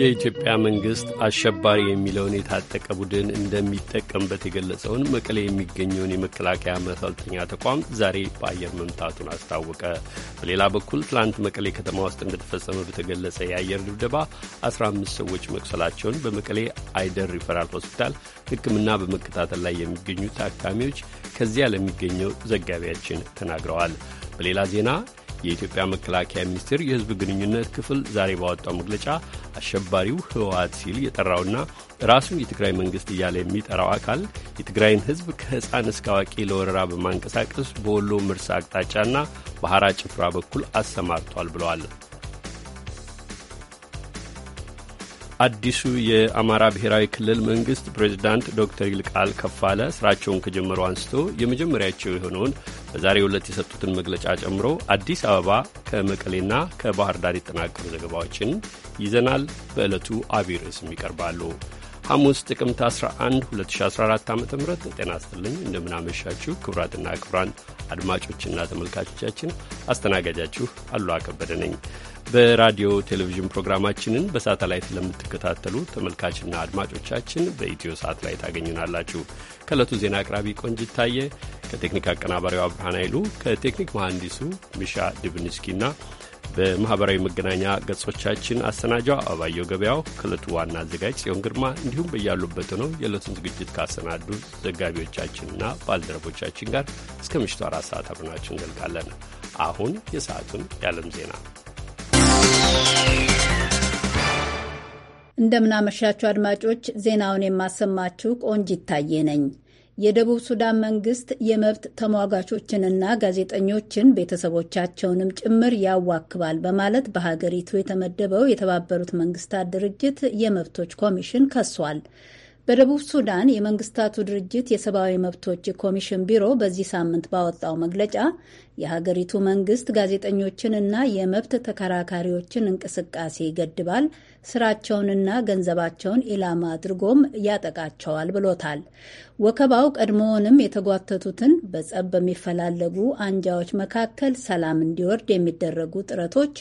የኢትዮጵያ መንግስት አሸባሪ የሚለውን የታጠቀ ቡድን እንደሚጠቀምበት የገለጸውን መቀሌ የሚገኘውን የመከላከያ መሰልጠኛ ተቋም ዛሬ በአየር መምታቱን አስታወቀ። በሌላ በኩል ትላንት መቀሌ ከተማ ውስጥ እንደተፈጸመ በተገለጸ የአየር ድብደባ 15 ሰዎች መቁሰላቸውን በመቀሌ አይደር ሪፈራል ሆስፒታል ሕክምና በመከታተል ላይ የሚገኙ ታካሚዎች ከዚያ ለሚገኘው ዘጋቢያችን ተናግረዋል። በሌላ ዜና የኢትዮጵያ መከላከያ ሚኒስቴር የህዝብ ግንኙነት ክፍል ዛሬ ባወጣው መግለጫ አሸባሪው ህወሀት ሲል የጠራውና ራሱን የትግራይ መንግስት እያለ የሚጠራው አካል የትግራይን ህዝብ ከህፃን እስከ አዋቂ ለወረራ በማንቀሳቀስ በወሎ ምርስ አቅጣጫና በሐራ ጭፍራ በኩል አሰማርቷል ብለዋል። አዲሱ የአማራ ብሔራዊ ክልል መንግስት ፕሬዚዳንት ዶክተር ይልቃል ከፋለ ስራቸውን ከጀመሩ አንስቶ የመጀመሪያቸው የሆነውን በዛሬ ዕለት የሰጡትን መግለጫ ጨምሮ አዲስ አበባ ከመቀሌና ከባህር ዳር የተጠናቀሩ ዘገባዎችን ይዘናል። በዕለቱ አብይ ርዕስም ይቀርባሉ። ሐሙስ ጥቅምት 11 2014 ዓ ም ጤና ስትልኝ እንደምናመሻችሁ ክቡራትና ክቡራን አድማጮችና ተመልካቾቻችን አስተናጋጃችሁ አሉ አከበደ ነኝ። በራዲዮ ቴሌቪዥን ፕሮግራማችንን በሳተላይት ለምትከታተሉ ተመልካችና አድማጮቻችን በኢትዮ ሳት ላይ ታገኙናላችሁ። ከእለቱ ዜና አቅራቢ ቆንጅት ታየ፣ ከቴክኒክ አቀናባሪዋ ብርሃን ኃይሉ፣ ከቴክኒክ መሐንዲሱ ሚሻ ድብንስኪና በማኅበራዊ መገናኛ ገጾቻችን አሰናጇ አባየው ገበያው ከእለቱ ዋና አዘጋጅ ጽዮን ግርማ እንዲሁም በያሉበት ነው የዕለቱን ዝግጅት ካሰናዱ ዘጋቢዎቻችንና ባልደረቦቻችን ጋር እስከ ምሽቱ አራት ሰዓት አብረናችሁ እንዘልቃለን። አሁን የሰዓቱን የዓለም ዜና እንደምናመሻችሁ አድማጮች፣ ዜናውን የማሰማችሁ ቆንጅ ይታየ ነኝ። የደቡብ ሱዳን መንግስት የመብት ተሟጋቾችንና ጋዜጠኞችን ቤተሰቦቻቸውንም ጭምር ያዋክባል በማለት በሀገሪቱ የተመደበው የተባበሩት መንግስታት ድርጅት የመብቶች ኮሚሽን ከሷል። በደቡብ ሱዳን የመንግስታቱ ድርጅት የሰብአዊ መብቶች ኮሚሽን ቢሮ በዚህ ሳምንት ባወጣው መግለጫ የሀገሪቱ መንግስት ጋዜጠኞችንና የመብት ተከራካሪዎችን እንቅስቃሴ ይገድባል፣ ስራቸውንና ገንዘባቸውን ኢላማ አድርጎም ያጠቃቸዋል ብሎታል። ወከባው ቀድሞውንም የተጓተቱትን በጸብ በሚፈላለጉ አንጃዎች መካከል ሰላም እንዲወርድ የሚደረጉ ጥረቶች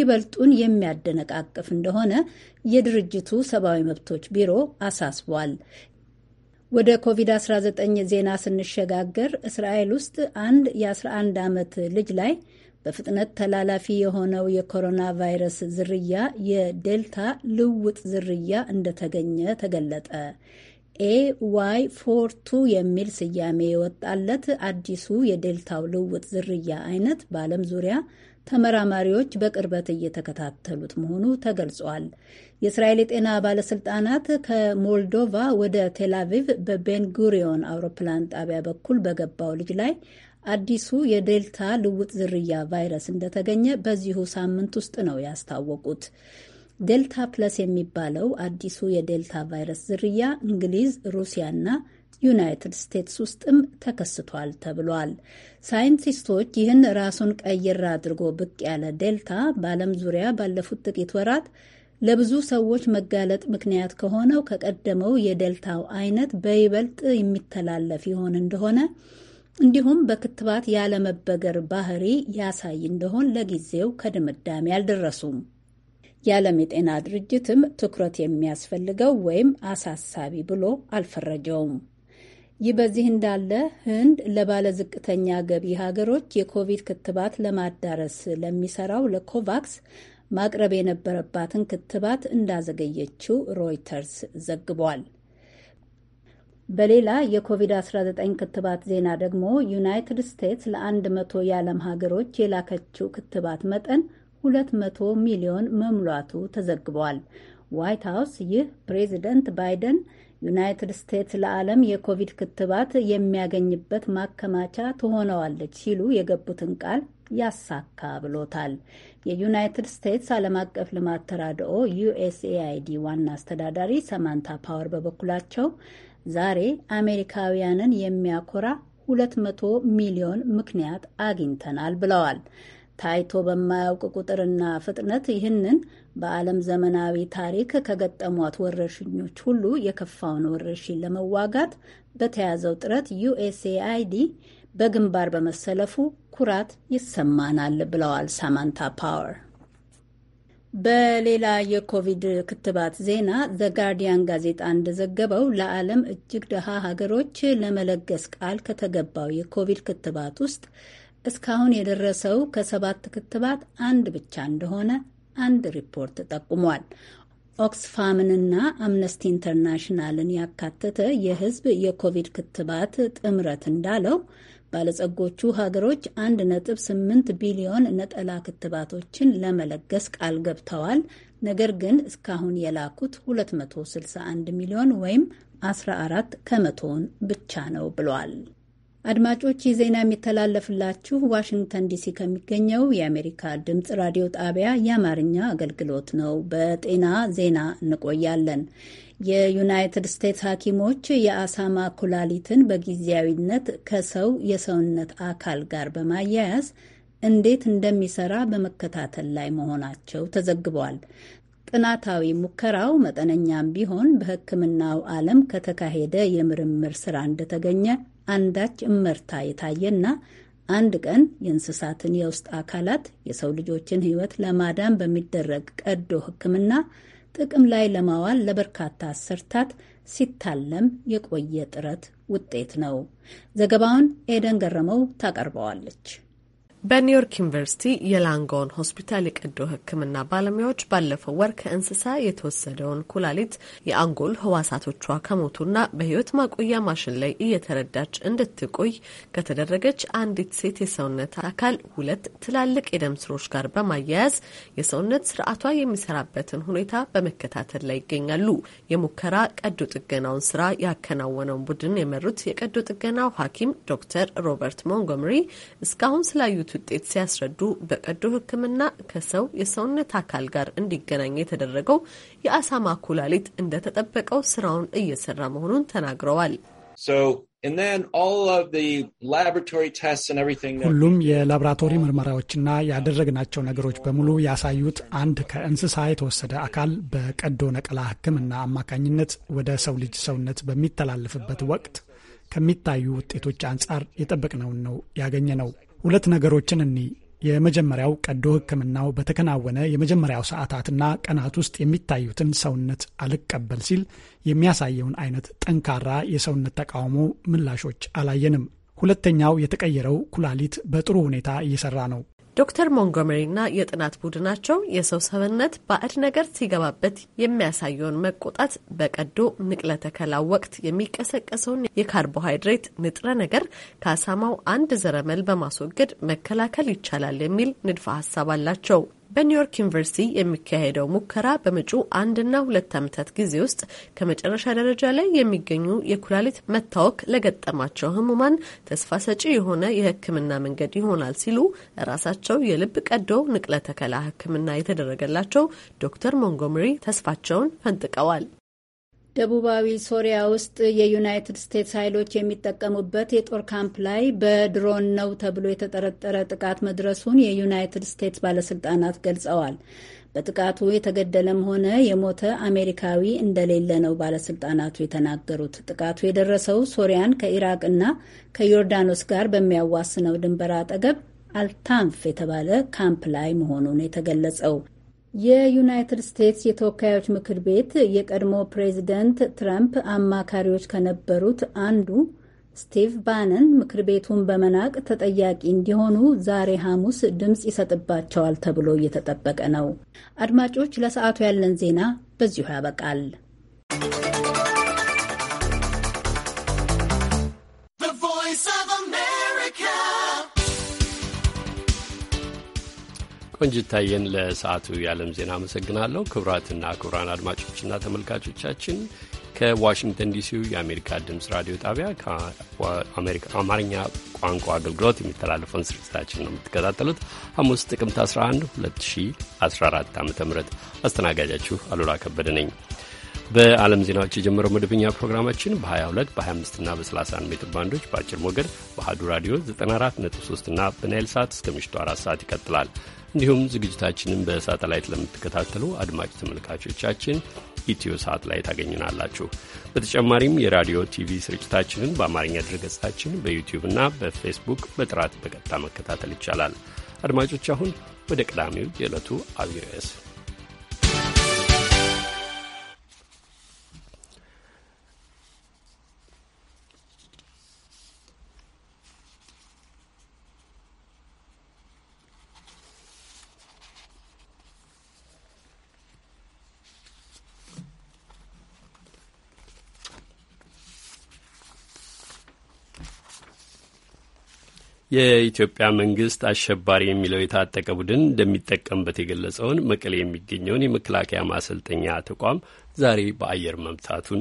ይበልጡን የሚያደነቃቅፍ እንደሆነ የድርጅቱ ሰብአዊ መብቶች ቢሮ አሳስቧል። ወደ ኮቪድ-19 ዜና ስንሸጋገር እስራኤል ውስጥ አንድ የ11 ዓመት ልጅ ላይ በፍጥነት ተላላፊ የሆነው የኮሮና ቫይረስ ዝርያ የዴልታ ልውጥ ዝርያ እንደተገኘ ተገለጠ። ኤ ዋይ ፎርቱ የሚል ስያሜ የወጣለት አዲሱ የዴልታው ልውጥ ዝርያ አይነት በዓለም ዙሪያ ተመራማሪዎች በቅርበት እየተከታተሉት መሆኑ ተገልጿል። የእስራኤል የጤና ባለስልጣናት ከሞልዶቫ ወደ ቴላቪቭ በቤንጉሪዮን አውሮፕላን ጣቢያ በኩል በገባው ልጅ ላይ አዲሱ የዴልታ ልውጥ ዝርያ ቫይረስ እንደተገኘ በዚሁ ሳምንት ውስጥ ነው ያስታወቁት። ዴልታ ፕለስ የሚባለው አዲሱ የዴልታ ቫይረስ ዝርያ እንግሊዝ፣ ሩሲያና ዩናይትድ ስቴትስ ውስጥም ተከስቷል ተብሏል። ሳይንቲስቶች ይህን ራሱን ቀይር አድርጎ ብቅ ያለ ዴልታ በዓለም ዙሪያ ባለፉት ጥቂት ወራት ለብዙ ሰዎች መጋለጥ ምክንያት ከሆነው ከቀደመው የደልታው አይነት በይበልጥ የሚተላለፍ ይሆን እንደሆነ እንዲሁም በክትባት ያለመበገር ባህሪ ያሳይ እንደሆን ለጊዜው ከድምዳሜ አልደረሱም። የዓለም የጤና ድርጅትም ትኩረት የሚያስፈልገው ወይም አሳሳቢ ብሎ አልፈረጀውም። ይህ በዚህ እንዳለ ህንድ ለባለዝቅተኛ ገቢ ሀገሮች የኮቪድ ክትባት ለማዳረስ ለሚሰራው ለኮቫክስ ማቅረብ የነበረባትን ክትባት እንዳዘገየችው ሮይተርስ ዘግቧል። በሌላ የኮቪድ-19 ክትባት ዜና ደግሞ ዩናይትድ ስቴትስ ለአንድ መቶ የዓለም ሀገሮች የላከችው ክትባት መጠን 200 ሚሊዮን መሙላቱ ተዘግቧል። ዋይት ሀውስ ይህ ፕሬዚደንት ባይደን ዩናይትድ ስቴትስ ለዓለም የኮቪድ ክትባት የሚያገኝበት ማከማቻ ትሆነዋለች ሲሉ የገቡትን ቃል ያሳካ ብሎታል። የዩናይትድ ስቴትስ ዓለም አቀፍ ልማት ተራድኦ ዩኤስኤአይዲ ዋና አስተዳዳሪ ሰማንታ ፓወር በበኩላቸው ዛሬ አሜሪካውያንን የሚያኮራ 200 ሚሊዮን ምክንያት አግኝተናል ብለዋል። ታይቶ በማያውቅ ቁጥርና ፍጥነት ይህንን በዓለም ዘመናዊ ታሪክ ከገጠሟት ወረርሽኞች ሁሉ የከፋውን ወረርሽኝ ለመዋጋት በተያዘው ጥረት ዩኤስኤአይዲ በግንባር በመሰለፉ ኩራት ይሰማናል ብለዋል ሳማንታ ፓወር። በሌላ የኮቪድ ክትባት ዜና ዘ ጋርዲያን ጋዜጣ እንደዘገበው ለዓለም እጅግ ድሃ ሀገሮች ለመለገስ ቃል ከተገባው የኮቪድ ክትባት ውስጥ እስካሁን የደረሰው ከሰባት ክትባት አንድ ብቻ እንደሆነ አንድ ሪፖርት ጠቁሟል። ኦክስፋምንና አምነስቲ ኢንተርናሽናልን ያካተተ የሕዝብ የኮቪድ ክትባት ጥምረት እንዳለው ባለጸጎቹ ሀገሮች 1.8 ቢሊዮን ነጠላ ክትባቶችን ለመለገስ ቃል ገብተዋል። ነገር ግን እስካሁን የላኩት 261 ሚሊዮን ወይም 14 ከመቶውን ብቻ ነው ብሏል። አድማጮች ይህ ዜና የሚተላለፍላችሁ ዋሽንግተን ዲሲ ከሚገኘው የአሜሪካ ድምፅ ራዲዮ ጣቢያ የአማርኛ አገልግሎት ነው። በጤና ዜና እንቆያለን። የዩናይትድ ስቴትስ ሐኪሞች የአሳማ ኩላሊትን በጊዜያዊነት ከሰው የሰውነት አካል ጋር በማያያዝ እንዴት እንደሚሰራ በመከታተል ላይ መሆናቸው ተዘግበዋል። ጥናታዊ ሙከራው መጠነኛም ቢሆን በሕክምናው ዓለም ከተካሄደ የምርምር ስራ እንደተገኘ አንዳች እመርታ የታየና አንድ ቀን የእንስሳትን የውስጥ አካላት የሰው ልጆችን ሕይወት ለማዳን በሚደረግ ቀዶ ሕክምና ጥቅም ላይ ለማዋል ለበርካታ አሰርታት ሲታለም የቆየ ጥረት ውጤት ነው። ዘገባውን ኤደን ገረመው ታቀርበዋለች። በኒውዮርክ ዩኒቨርሲቲ የላንጎን ሆስፒታል የቀዶ ሕክምና ባለሙያዎች ባለፈው ወር ከእንስሳ የተወሰደውን ኩላሊት የአንጎል ህዋሳቶቿ ከሞቱና በህይወት ማቆያ ማሽን ላይ እየተረዳች እንድትቆይ ከተደረገች አንዲት ሴት የሰውነት አካል ሁለት ትላልቅ የደም ስሮች ጋር በማያያዝ የሰውነት ስርዓቷ የሚሰራበትን ሁኔታ በመከታተል ላይ ይገኛሉ። የሙከራ ቀዶ ጥገናውን ስራ ያከናወነውን ቡድን የመሩት የቀዶ ጥገናው ሐኪም ዶክተር ሮበርት ሞንጎምሪ እስካሁን ስላዩት የምርመራዎች ውጤት ሲያስረዱ በቀዶ ሕክምና ከሰው የሰውነት አካል ጋር እንዲገናኝ የተደረገው የአሳማ ኩላሊት እንደተጠበቀው ስራውን እየሰራ መሆኑን ተናግረዋል። ሁሉም የላብራቶሪ ምርመራዎችና ያደረግናቸው ነገሮች በሙሉ ያሳዩት አንድ ከእንስሳ የተወሰደ አካል በቀዶ ነቀላ ሕክምና አማካኝነት ወደ ሰው ልጅ ሰውነት በሚተላለፍበት ወቅት ከሚታዩ ውጤቶች አንጻር የጠበቅነውን ነው ያገኘ ነው። ሁለት ነገሮችን እኒ የመጀመሪያው ቀዶ ሕክምናው በተከናወነ የመጀመሪያው ሰዓታትና ቀናት ውስጥ የሚታዩትን ሰውነት አልቀበል ሲል የሚያሳየውን አይነት ጠንካራ የሰውነት ተቃውሞ ምላሾች አላየንም። ሁለተኛው የተቀየረው ኩላሊት በጥሩ ሁኔታ እየሰራ ነው። ዶክተር ሞንጎመሪና የጥናት ቡድናቸው የሰው ሰውነት ባዕድ ነገር ሲገባበት የሚያሳየውን መቆጣት በቀዶ ንቅለ ተከላ ወቅት የሚቀሰቀሰውን የካርቦሃይድሬት ንጥረ ነገር ከአሳማው አንድ ዘረመል በማስወገድ መከላከል ይቻላል የሚል ንድፈ ሀሳብ አላቸው። በኒውዮርክ ዩኒቨርሲቲ የሚካሄደው ሙከራ በመጪው አንድና ሁለት ዓመታት ጊዜ ውስጥ ከመጨረሻ ደረጃ ላይ የሚገኙ የኩላሊት መታወክ ለገጠማቸው ህሙማን ተስፋ ሰጪ የሆነ የህክምና መንገድ ይሆናል ሲሉ ራሳቸው የልብ ቀዶ ንቅለ ተከላ የተደረገላቸው ዶክተር ሞንጎመሪ ተስፋቸውን ፈንጥቀዋል። ደቡባዊ ሶሪያ ውስጥ የዩናይትድ ስቴትስ ኃይሎች የሚጠቀሙበት የጦር ካምፕ ላይ በድሮን ነው ተብሎ የተጠረጠረ ጥቃት መድረሱን የዩናይትድ ስቴትስ ባለስልጣናት ገልጸዋል። በጥቃቱ የተገደለም ሆነ የሞተ አሜሪካዊ እንደሌለ ነው ባለስልጣናቱ የተናገሩት። ጥቃቱ የደረሰው ሶሪያን ከኢራቅ እና ከዮርዳኖስ ጋር በሚያዋስነው ድንበር አጠገብ አልታንፍ የተባለ ካምፕ ላይ መሆኑን የተገለጸው የዩናይትድ ስቴትስ የተወካዮች ምክር ቤት የቀድሞ ፕሬዚደንት ትራምፕ አማካሪዎች ከነበሩት አንዱ ስቲቭ ባነን ምክር ቤቱን በመናቅ ተጠያቂ እንዲሆኑ ዛሬ ሐሙስ ድምፅ ይሰጥባቸዋል ተብሎ እየተጠበቀ ነው። አድማጮች፣ ለሰዓቱ ያለን ዜና በዚሁ ያበቃል። ቆንጅታየን ለሰዓቱ የዓለም ዜና አመሰግናለሁ። ክቡራትና ክቡራን አድማጮችና ተመልካቾቻችን ከዋሽንግተን ዲሲው የአሜሪካ ድምፅ ራዲዮ ጣቢያ ከአማርኛ ቋንቋ አገልግሎት የሚተላለፈውን ስርጭታችን ነው የምትከታተሉት። ሐሙስ ጥቅምት 11 2014 ዓ ም አስተናጋጃችሁ አሉላ ከበደ ነኝ። በዓለም ዜናዎች የጀመረው መደበኛ ፕሮግራማችን በ22 በ25 እና በ31 ሜትር ባንዶች በአጭር ሞገድ በአሀዱ ራዲዮ 94.3 እና በናይል ሰዓት እስከ ምሽቱ አራት ሰዓት ይቀጥላል። እንዲሁም ዝግጅታችንን በሳተላይት ለምትከታተሉ አድማጭ ተመልካቾቻችን ኢትዮ ሰዓት ላይ ታገኙናላችሁ። በተጨማሪም የራዲዮ ቲቪ ስርጭታችንን በአማርኛ ድረገጻችን በዩቲዩብና በፌስቡክ በጥራት በቀጥታ መከታተል ይቻላል። አድማጮች አሁን ወደ ቀዳሚው የዕለቱ አብይ ርዕስ የኢትዮጵያ መንግስት አሸባሪ የሚለው የታጠቀ ቡድን እንደሚጠቀምበት የገለጸውን መቀሌ የሚገኘውን የመከላከያ ማሰልጠኛ ተቋም ዛሬ በአየር መምታቱን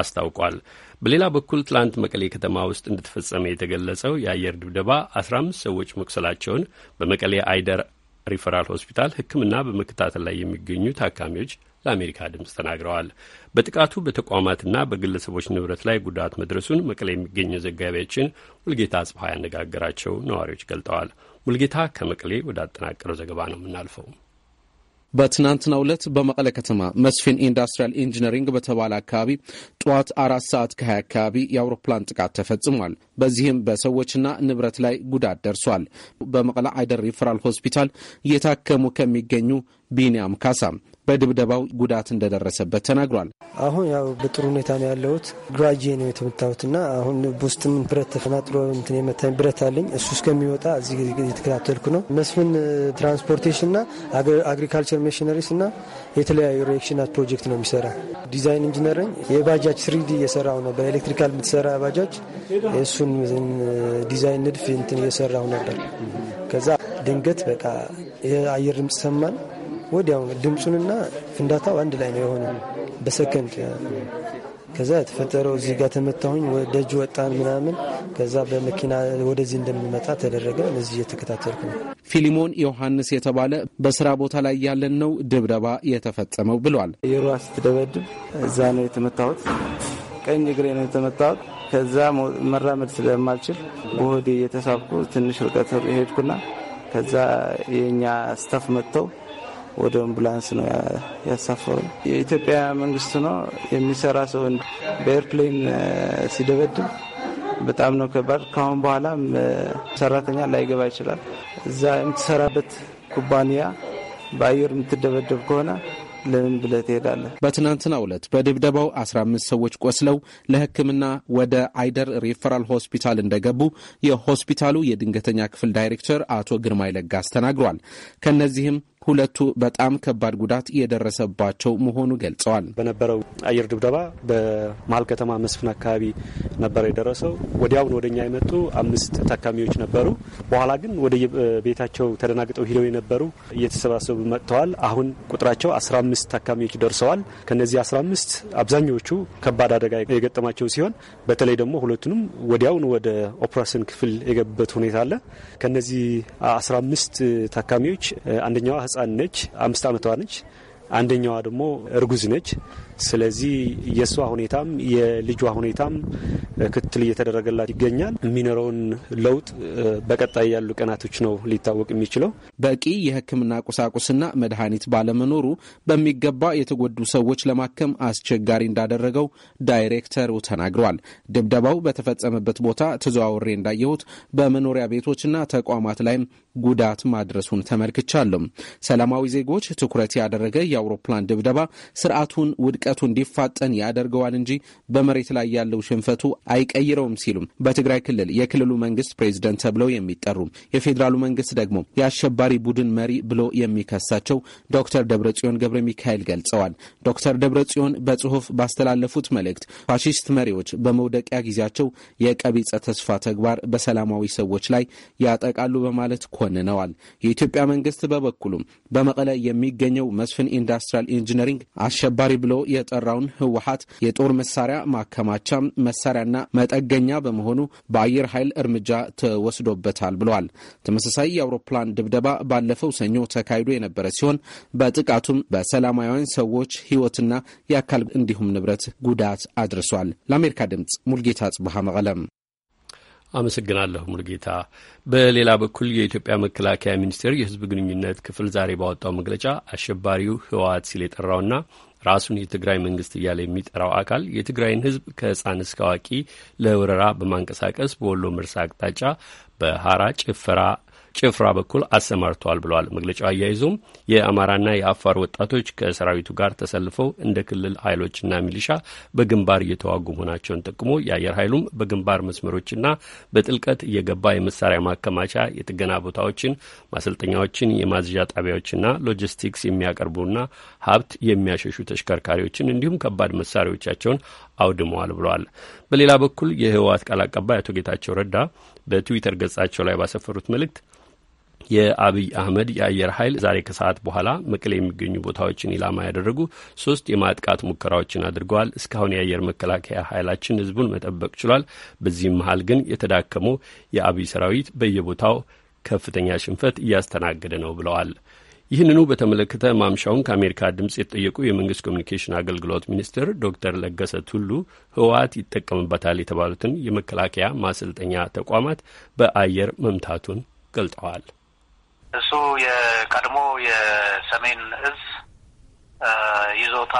አስታውቋል። በሌላ በኩል ትላንት መቀሌ ከተማ ውስጥ እንደተፈጸመ የተገለጸው የአየር ድብደባ 15 ሰዎች መቁሰላቸውን በመቀሌ ሪፈራል ሆስፒታል ሕክምና በመከታተል ላይ የሚገኙ ታካሚዎች ለአሜሪካ ድምፅ ተናግረዋል። በጥቃቱ በተቋማትና በግለሰቦች ንብረት ላይ ጉዳት መድረሱን መቀሌ የሚገኘው ዘጋቢያችን ሙልጌታ አጽፋ ያነጋገራቸው ነዋሪዎች ገልጠዋል። ሙልጌታ ከመቀሌ ወደ አጠናቀረው ዘገባ ነው የምናልፈው። በትናንትናው ዕለት በመቀለ ከተማ መስፊን ኢንዱስትሪያል ኢንጂነሪንግ በተባለ አካባቢ ጠዋት አራት ሰዓት ከሀያ አካባቢ የአውሮፕላን ጥቃት ተፈጽሟል። በዚህም በሰዎችና ንብረት ላይ ጉዳት ደርሷል። በመቀለ አይደር ሪፈራል ሆስፒታል እየታከሙ ከሚገኙ ቢኒያም ካሳ በድብደባው ጉዳት እንደደረሰበት ተናግሯል። አሁን ያው በጥሩ ሁኔታ ነው ያለሁት። ግራጄ ነው የተመታሁት እና አሁን ውስጥም ብረት ተፈናጥሎ እንትን የመታኝ ብረት አለኝ። እሱ እስከሚወጣ እዚህ የተከታተልኩ ነው። መስፍን ትራንስፖርቴሽን እና አግሪካልቸር ሜሽነሪስ እና የተለያዩ ሪኤክሽናት ፕሮጀክት ነው የሚሰራ ዲዛይን ኢንጂነር ነኝ። የባጃጅ ስሪዲ እየሰራሁ ነው። በኤሌክትሪካል የምትሰራ ባጃጅ እሱን ዲዛይን ንድፍ እንትን እየሰራሁ ነበር። ከዛ ድንገት በቃ የአየር ድምፅ ሰማን። ወዲያው ድምፁንና ፍንዳታው አንድ ላይ ነው የሆነ በሰከንድ። ከዛ የተፈጠረው እዚህ ጋር ተመታሁኝ፣ ደጅ ወጣን ምናምን። ከዛ በመኪና ወደዚህ እንደምንመጣ ተደረገ። እዚህ እየተከታተልኩ ነው። ፊሊሞን ዮሐንስ የተባለ በስራ ቦታ ላይ ያለን ነው ድብደባ የተፈጸመው ብሏል። የሩዋ ስትደበድብ እዛ ነው የተመታሁት። ቀኝ እግሬ ነው የተመታሁት። ከዛ መራመድ ስለማልችል በሆዴ እየተሳብኩ ትንሽ ርቀት ሄድኩና ከዛ የእኛ ስታፍ መጥተው ወደ አምቡላንስ ነው ያሳፈሩ። የኢትዮጵያ መንግስት ነው የሚሰራ ሰው በኤርፕሌን ሲደበድብ በጣም ነው ከባድ። ከአሁን በኋላም ሰራተኛ ላይገባ ይችላል። እዛ የምትሰራበት ኩባንያ በአየር የምትደበደብ ከሆነ ለምን ብለህ ትሄዳለህ? በትናንትናው ዕለት በድብደባው 15 ሰዎች ቆስለው ለሕክምና ወደ አይደር ሪፈራል ሆስፒታል እንደገቡ የሆስፒታሉ የድንገተኛ ክፍል ዳይሬክተር አቶ ግርማይ ለጋስ ተናግሯል። ከእነዚህም ሁለቱ በጣም ከባድ ጉዳት የደረሰባቸው መሆኑ ገልጸዋል። በነበረው አየር ድብደባ በመሀል ከተማ መስፍን አካባቢ ነበረ የደረሰው። ወዲያውን ወደኛ የመጡ አምስት ታካሚዎች ነበሩ። በኋላ ግን ወደ ቤታቸው ተደናግጠው ሂደው የነበሩ እየተሰባሰቡ መጥተዋል። አሁን ቁጥራቸው 15 ታካሚዎች ደርሰዋል። ከነዚህ 15 አብዛኞቹ ከባድ አደጋ የገጠማቸው ሲሆን በተለይ ደግሞ ሁለቱንም ወዲያውን ወደ ኦፕራሽን ክፍል የገቡበት ሁኔታ አለ። ከነዚህ 15 ታካሚዎች አንደኛዋ ሕፃን ነች፣ አምስት ዓመቷ ነች። አንደኛዋ ደግሞ እርጉዝ ነች። ስለዚህ የእሷ ሁኔታም የልጇ ሁኔታም ክትትል እየተደረገላት ይገኛል። የሚኖረውን ለውጥ በቀጣይ ያሉ ቀናቶች ነው ሊታወቅ የሚችለው። በቂ የሕክምና ቁሳቁስና መድኃኒት ባለመኖሩ በሚገባ የተጎዱ ሰዎች ለማከም አስቸጋሪ እንዳደረገው ዳይሬክተሩ ተናግረዋል። ድብደባው በተፈጸመበት ቦታ ተዘዋውሬ እንዳየሁት በመኖሪያ ቤቶችና ተቋማት ላይም ጉዳት ማድረሱን ተመልክቻለሁ። ሰላማዊ ዜጎች ትኩረት ያደረገ የአውሮፕላን ድብደባ ስርዓቱን ውድቀ ርቀቱ እንዲፋጠን ያደርገዋል እንጂ በመሬት ላይ ያለው ሽንፈቱ አይቀይረውም ሲሉም በትግራይ ክልል የክልሉ መንግስት ፕሬዚደንት ተብለው የሚጠሩ የፌዴራሉ መንግስት ደግሞ የአሸባሪ ቡድን መሪ ብሎ የሚከሳቸው ዶክተር ደብረጽዮን ገብረ ሚካኤል ገልጸዋል። ዶክተር ደብረጽዮን በጽሁፍ ባስተላለፉት መልእክት ፋሺስት መሪዎች በመውደቂያ ጊዜያቸው የቀቢጸ ተስፋ ተግባር በሰላማዊ ሰዎች ላይ ያጠቃሉ በማለት ኮንነዋል። የኢትዮጵያ መንግስት በበኩሉም በመቀለ የሚገኘው መስፍን ኢንዱስትሪያል ኢንጂነሪንግ አሸባሪ ብሎ የጠራውን ህወሀት የጦር መሳሪያ ማከማቻ መሳሪያና መጠገኛ በመሆኑ በአየር ኃይል እርምጃ ተወስዶበታል ብለዋል። ተመሳሳይ የአውሮፕላን ድብደባ ባለፈው ሰኞ ተካሂዶ የነበረ ሲሆን በጥቃቱም በሰላማውያን ሰዎች ህይወትና የአካል እንዲሁም ንብረት ጉዳት አድርሷል። ለአሜሪካ ድምጽ ሙልጌታ ጽቡሃ መቀለም አመሰግናለሁ ሙልጌታ። በሌላ በኩል የኢትዮጵያ መከላከያ ሚኒስቴር የህዝብ ግንኙነት ክፍል ዛሬ ባወጣው መግለጫ አሸባሪው ህወሓት ሲል የጠራውና ራሱን የትግራይ መንግስት እያለ የሚጠራው አካል የትግራይን ህዝብ ከህፃን እስከ አዋቂ ለወረራ በማንቀሳቀስ በወሎ ምርሳ አቅጣጫ በሀራ ጭፈራ ጭፍራ በኩል አሰማርተዋል ብለዋል መግለጫው። አያይዞም የአማራና የአፋር ወጣቶች ከሰራዊቱ ጋር ተሰልፈው እንደ ክልል ኃይሎችና ሚሊሻ በግንባር እየተዋጉ መሆናቸውን ጠቅሞ የአየር ኃይሉም በግንባር መስመሮችና በጥልቀት እየገባ የመሳሪያ ማከማቻ፣ የጥገና ቦታዎችን፣ ማሰልጠኛዎችን፣ የማዝዣ ጣቢያዎችና ሎጂስቲክስ የሚያቀርቡና ሀብት የሚያሸሹ ተሽከርካሪዎችን እንዲሁም ከባድ መሳሪያዎቻቸውን አውድመዋል ብለዋል። በሌላ በኩል የህወሓት ቃል አቀባይ አቶ ጌታቸው ረዳ በትዊተር ገጻቸው ላይ ባሰፈሩት መልእክት የአብይ አህመድ የአየር ኃይል ዛሬ ከሰዓት በኋላ መቀሌ የሚገኙ ቦታዎችን ኢላማ ያደረጉ ሶስት የማጥቃት ሙከራዎችን አድርገዋል። እስካሁን የአየር መከላከያ ኃይላችን ህዝቡን መጠበቅ ችሏል። በዚህም መሀል ግን የተዳከመው የአብይ ሰራዊት በየቦታው ከፍተኛ ሽንፈት እያስተናገደ ነው ብለዋል። ይህንኑ በተመለከተ ማምሻውን ከአሜሪካ ድምፅ የተጠየቁ የመንግስት ኮሚኒኬሽን አገልግሎት ሚኒስትር ዶክተር ለገሰ ቱሉ ህወሓት ይጠቀምበታል የተባሉትን የመከላከያ ማሰልጠኛ ተቋማት በአየር መምታቱን ገልጠዋል። እሱ የቀድሞ የሰሜን እዝ ይዞታ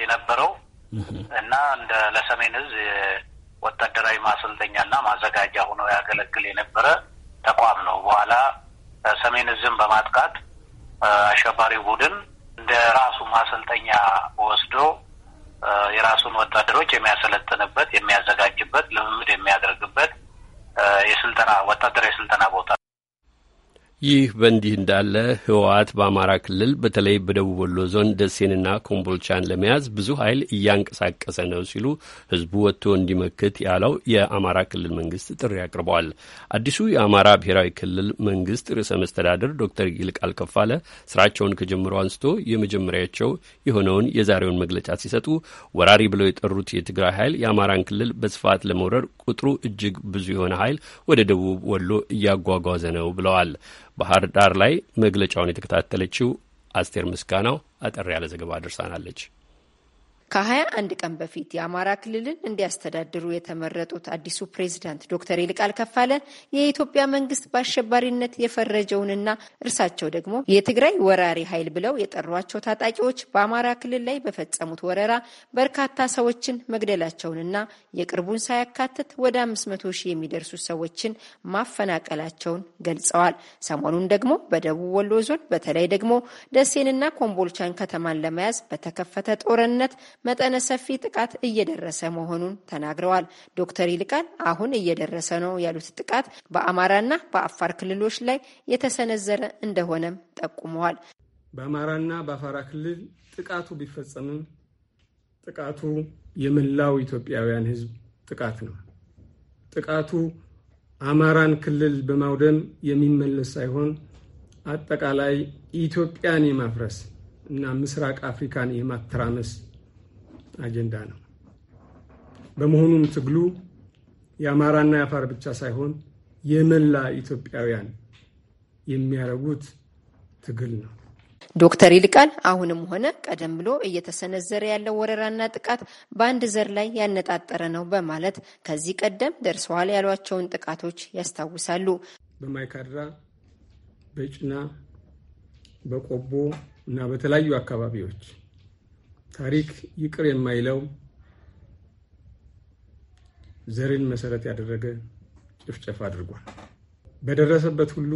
የነበረው እና እንደ ለሰሜን እዝ ወታደራዊ ማሰልጠኛና ማዘጋጃ ሆኖ ያገለግል የነበረ ተቋም ነው። በኋላ ሰሜን እዝን በማጥቃት አሸባሪው ቡድን እንደ ራሱ ማሰልጠኛ ወስዶ የራሱን ወታደሮች የሚያሰለጥንበት፣ የሚያዘጋጅበት፣ ልምምድ የሚያደርግበት የስልጠና ወታደራዊ ስልጠና ቦታ ይህ በእንዲህ እንዳለ ህወሓት በአማራ ክልል በተለይ በደቡብ ወሎ ዞን ደሴንና ኮምቦልቻን ለመያዝ ብዙ ኃይል እያንቀሳቀሰ ነው ሲሉ ህዝቡ ወጥቶ እንዲመክት ያለው የአማራ ክልል መንግስት ጥሪ አቅርበዋል። አዲሱ የአማራ ብሔራዊ ክልል መንግስት ርዕሰ መስተዳድር ዶክተር ይልቃል ከፋለ ስራቸውን ከጀምሮ አንስቶ የመጀመሪያቸው የሆነውን የዛሬውን መግለጫ ሲሰጡ ወራሪ ብለው የጠሩት የትግራይ ኃይል የአማራን ክልል በስፋት ለመውረር ቁጥሩ እጅግ ብዙ የሆነ ኃይል ወደ ደቡብ ወሎ እያጓጓዘ ነው ብለዋል። ባህር ዳር ላይ መግለጫውን የተከታተለችው አስቴር ምስጋናው አጠር ያለ ዘገባ አድርሳናለች። ከሀያ አንድ ቀን በፊት የአማራ ክልልን እንዲያስተዳድሩ የተመረጡት አዲሱ ፕሬዚዳንት ዶክተር ይልቃል ከፋለ የኢትዮጵያ መንግስት በአሸባሪነት የፈረጀውንና እርሳቸው ደግሞ የትግራይ ወራሪ ኃይል ብለው የጠሯቸው ታጣቂዎች በአማራ ክልል ላይ በፈጸሙት ወረራ በርካታ ሰዎችን መግደላቸውንና የቅርቡን ሳያካትት ወደ አምስት መቶ ሺህ የሚደርሱ ሰዎችን ማፈናቀላቸውን ገልጸዋል። ሰሞኑን ደግሞ በደቡብ ወሎ ዞን በተለይ ደግሞ ደሴንና ኮምቦልቻን ከተማን ለመያዝ በተከፈተ ጦርነት መጠነ ሰፊ ጥቃት እየደረሰ መሆኑን ተናግረዋል። ዶክተር ይልቃል አሁን እየደረሰ ነው ያሉት ጥቃት በአማራና በአፋር ክልሎች ላይ የተሰነዘረ እንደሆነም ጠቁመዋል። በአማራና በአፋራ ክልል ጥቃቱ ቢፈጸምም ጥቃቱ የመላው ኢትዮጵያውያን ሕዝብ ጥቃት ነው። ጥቃቱ አማራን ክልል በማውደም የሚመለስ ሳይሆን አጠቃላይ ኢትዮጵያን የማፍረስ እና ምስራቅ አፍሪካን የማተራመስ አጀንዳ ነው። በመሆኑም ትግሉ የአማራና የአፋር ብቻ ሳይሆን የመላ ኢትዮጵያውያን የሚያደርጉት ትግል ነው። ዶክተር ይልቃል አሁንም ሆነ ቀደም ብሎ እየተሰነዘረ ያለው ወረራና ጥቃት በአንድ ዘር ላይ ያነጣጠረ ነው በማለት ከዚህ ቀደም ደርሰዋል ያሏቸውን ጥቃቶች ያስታውሳሉ። በማይካድራ፣ በጭና፣ በቆቦ እና በተለያዩ አካባቢዎች ታሪክ ይቅር የማይለው ዘርን መሰረት ያደረገ ጭፍጨፋ አድርጓል። በደረሰበት ሁሉ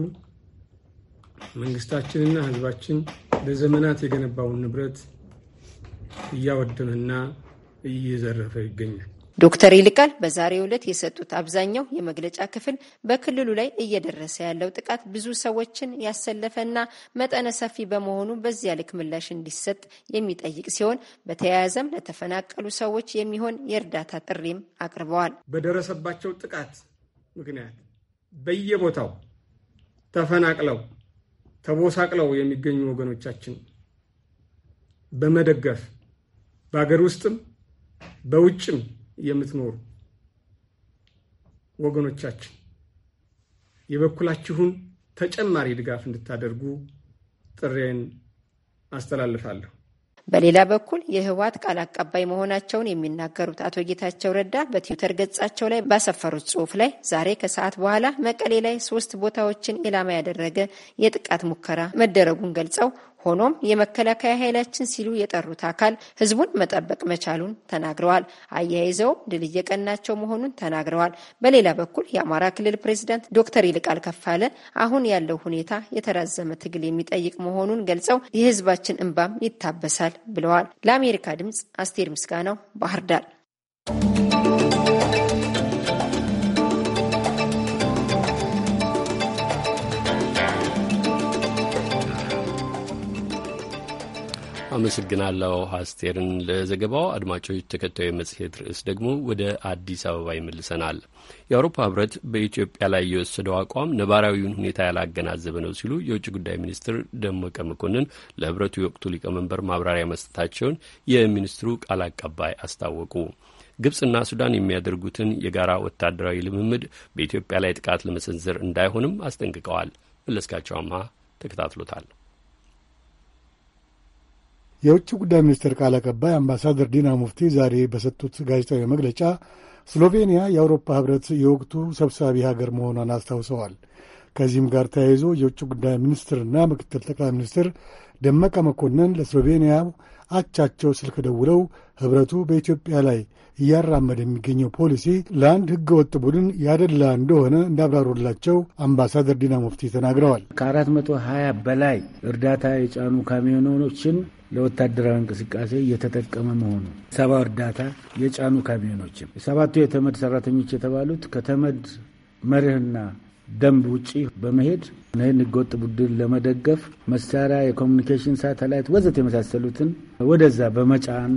መንግስታችንና ህዝባችን ለዘመናት የገነባውን ንብረት እያወደመና እየዘረፈ ይገኛል። ዶክተር ይልቃል በዛሬው ዕለት የሰጡት አብዛኛው የመግለጫ ክፍል በክልሉ ላይ እየደረሰ ያለው ጥቃት ብዙ ሰዎችን ያሰለፈና መጠነ ሰፊ በመሆኑ በዚያ ልክ ምላሽ እንዲሰጥ የሚጠይቅ ሲሆን በተያያዘም ለተፈናቀሉ ሰዎች የሚሆን የእርዳታ ጥሪም አቅርበዋል። በደረሰባቸው ጥቃት ምክንያት በየቦታው ተፈናቅለው ተቦሳቅለው የሚገኙ ወገኖቻችን በመደገፍ በአገር ውስጥም በውጭም የምትኖሩ ወገኖቻችን የበኩላችሁን ተጨማሪ ድጋፍ እንድታደርጉ ጥሬን አስተላልፋለሁ። በሌላ በኩል የህወሓት ቃል አቀባይ መሆናቸውን የሚናገሩት አቶ ጌታቸው ረዳ በትዊተር ገጻቸው ላይ ባሰፈሩት ጽሁፍ ላይ ዛሬ ከሰዓት በኋላ መቀሌ ላይ ሶስት ቦታዎችን ኢላማ ያደረገ የጥቃት ሙከራ መደረጉን ገልጸው ሆኖም የመከላከያ ኃይላችን ሲሉ የጠሩት አካል ህዝቡን መጠበቅ መቻሉን ተናግረዋል። አያይዘውም ድል እየቀናቸው መሆኑን ተናግረዋል። በሌላ በኩል የአማራ ክልል ፕሬዚዳንት ዶክተር ይልቃል ከፋለ አሁን ያለው ሁኔታ የተራዘመ ትግል የሚጠይቅ መሆኑን ገልጸው የህዝባችን እንባም ይታበሳል ብለዋል። ለአሜሪካ ድምጽ አስቴር ምስጋናው ባህር ዳር። አመሰግናለሁ አስቴርን ለዘገባው። አድማጮች፣ ተከታዩ የመጽሔት ርዕስ ደግሞ ወደ አዲስ አበባ ይመልሰናል። የአውሮፓ ህብረት በኢትዮጵያ ላይ የወሰደው አቋም ነባራዊውን ሁኔታ ያላገናዘበ ነው ሲሉ የውጭ ጉዳይ ሚኒስትር ደመቀ መኮንን ለህብረቱ የወቅቱ ሊቀመንበር ማብራሪያ መስጠታቸውን የሚኒስትሩ ቃል አቀባይ አስታወቁ። ግብጽና ሱዳን የሚያደርጉትን የጋራ ወታደራዊ ልምምድ በኢትዮጵያ ላይ ጥቃት ለመሰንዘር እንዳይሆንም አስጠንቅቀዋል። መለስካቸው አማ ተከታትሎታል። የውጭ ጉዳይ ሚኒስቴር ቃል አቀባይ አምባሳደር ዲና ሙፍቲ ዛሬ በሰጡት ጋዜጣዊ መግለጫ ስሎቬንያ የአውሮፓ ህብረት የወቅቱ ሰብሳቢ ሀገር መሆኗን አስታውሰዋል። ከዚህም ጋር ተያይዞ የውጭ ጉዳይ ሚኒስትርና ምክትል ጠቅላይ ሚኒስትር ደመቀ መኮንን ለስሎቬንያ አቻቸው ስልክ ደውለው ህብረቱ በኢትዮጵያ ላይ እያራመደ የሚገኘው ፖሊሲ ለአንድ ህገወጥ ቡድን ያደላ እንደሆነ እንዳብራሩላቸው አምባሳደር ዲና ሙፍቲ ተናግረዋል። ከአራት መቶ ሀያ በላይ እርዳታ የጫኑ ካሚዮኖችን ለወታደራዊ እንቅስቃሴ እየተጠቀመ መሆኑ፣ ሰባ እርዳታ የጫኑ ካሚዮኖችም ሰባቱ የተመድ ሰራተኞች የተባሉት ከተመድ መርህና ደንብ ውጪ በመሄድ ይህን ህገወጥ ቡድን ለመደገፍ መሳሪያ፣ የኮሚኒኬሽን ሳተላይት፣ ወዘት የመሳሰሉትን ወደዛ በመጫን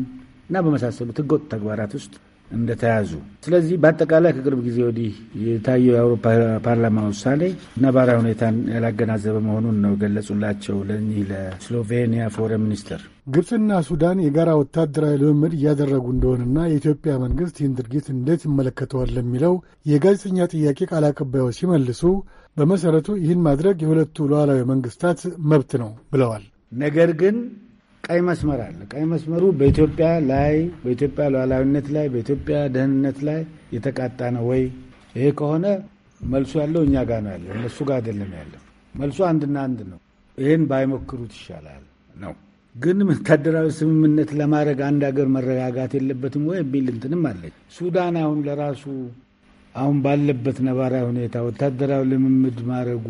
እና በመሳሰሉት ህገወጥ ተግባራት ውስጥ እንደተያዙ። ስለዚህ በአጠቃላይ ከቅርብ ጊዜ ወዲህ የታየው የአውሮፓ ፓርላማ ውሳኔ ነባራዊ ሁኔታን ያላገናዘበ መሆኑን ነው ገለጹላቸው ለእኚህ ለስሎቬኒያ ፎረን ሚኒስትር። ግብፅና ሱዳን የጋራ ወታደራዊ ልምምድ እያደረጉ እንደሆነና የኢትዮጵያ መንግስት ይህን ድርጊት እንዴት ይመለከተዋል ለሚለው የጋዜጠኛ ጥያቄ ቃል አቀባዮች ሲመልሱ በመሰረቱ ይህን ማድረግ የሁለቱ ሉዓላዊ መንግስታት መብት ነው ብለዋል። ነገር ግን ቀይ መስመር አለ። ቀይ መስመሩ በኢትዮጵያ ላይ በኢትዮጵያ ሉዓላዊነት ላይ በኢትዮጵያ ደህንነት ላይ የተቃጣ ነው ወይ? ይሄ ከሆነ መልሱ ያለው እኛ ጋር ነው ያለው፣ እነሱ ጋር አይደለም ያለው። መልሱ አንድና አንድ ነው። ይህን ባይሞክሩት ይሻላል ነው። ግን ወታደራዊ ስምምነት ለማድረግ አንድ ሀገር መረጋጋት የለበትም ወይ የሚል እንትንም አለች። ሱዳን አሁን ለራሱ አሁን ባለበት ነባራዊ ሁኔታ ወታደራዊ ልምምድ ማድረጉ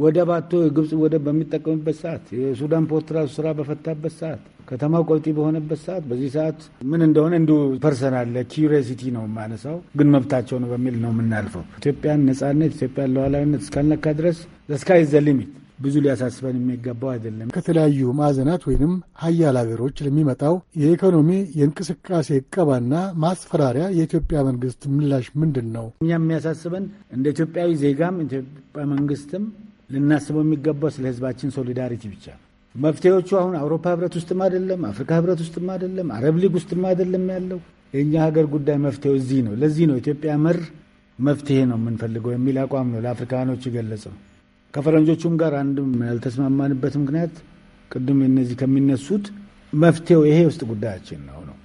ወደብ አቶ የግብፅ ወደብ በሚጠቀምበት ሰዓት፣ የሱዳን ፖርት ራሱ ስራ በፈታበት ሰዓት፣ ከተማው ቆልጢ በሆነበት ሰዓት፣ በዚህ ሰዓት ምን እንደሆነ እንዲሁ ፐርሰናል ኪዩሪሲቲ ነው የማነሳው፣ ግን መብታቸው ነው በሚል ነው የምናልፈው። ኢትዮጵያን ነጻነት፣ ኢትዮጵያን ሉዓላዊነት እስካልነካ ድረስ ዘስካይ ዘ ሊሚት ብዙ ሊያሳስበን የሚገባው አይደለም። ከተለያዩ ማዕዘናት ወይንም ሀያል ሀገሮች ለሚመጣው የኢኮኖሚ የእንቅስቃሴ እቀባና ማስፈራሪያ የኢትዮጵያ መንግስት ምላሽ ምንድን ነው? እኛ የሚያሳስበን እንደ ኢትዮጵያዊ ዜጋም ኢትዮጵያ መንግስትም ልናስበው የሚገባው ስለ ህዝባችን ሶሊዳሪቲ ብቻ ነው። መፍትሄዎቹ አሁን አውሮፓ ህብረት ውስጥም አይደለም፣ አፍሪካ ህብረት ውስጥም አይደለም፣ አረብ ሊግ ውስጥም አይደለም ያለው የእኛ ሀገር ጉዳይ መፍትሄው እዚህ ነው። ለዚህ ነው ኢትዮጵያ መር መፍትሄ ነው የምንፈልገው የሚል አቋም ነው ለአፍሪካኖች የገለጸው። ከፈረንጆቹም ጋር አንድም ያልተስማማንበት ምክንያት ቅድም እነዚህ ከሚነሱት መፍትሄው ይሄ ውስጥ ጉዳያችን ነው ነው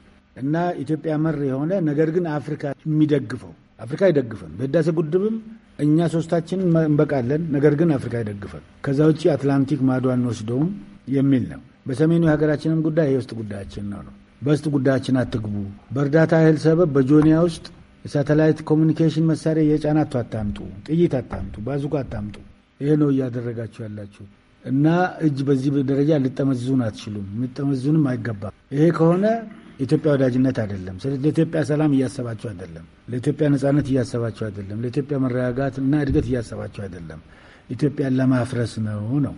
እና ኢትዮጵያ መር የሆነ ነገር ግን አፍሪካ የሚደግፈው አፍሪካ አይደግፍም። በህዳሴ ግድብም እኛ ሶስታችንን እንበቃለን፣ ነገር ግን አፍሪካ አይደግፈን፣ ከዛ ውጭ አትላንቲክ ማዶ አንወስደውም የሚል ነው። በሰሜኑ የሀገራችንም ጉዳይ የውስጥ ጉዳያችን ነው ነው በውስጥ ጉዳያችን አትግቡ። በእርዳታ እህል ሰበብ በጆኒያ ውስጥ የሳተላይት ኮሚኒኬሽን መሳሪያ የጫናቱ አታምጡ፣ ጥይት አታምጡ፣ ባዙቃ አታምጡ። ይሄ ነው እያደረጋችሁ ያላችሁ እና እጅ በዚህ ደረጃ ልጠመዝዙን አትችሉም፣ ልጠመዝዙንም አይገባም። ይሄ ከሆነ የኢትዮጵያ ወዳጅነት አይደለም። ለኢትዮጵያ ሰላም እያሰባቸው አይደለም። ለኢትዮጵያ ነጻነት እያሰባቸው አይደለም። ለኢትዮጵያ መረጋጋት እና እድገት እያሰባቸው አይደለም። ኢትዮጵያን ለማፍረስ ነው ነው።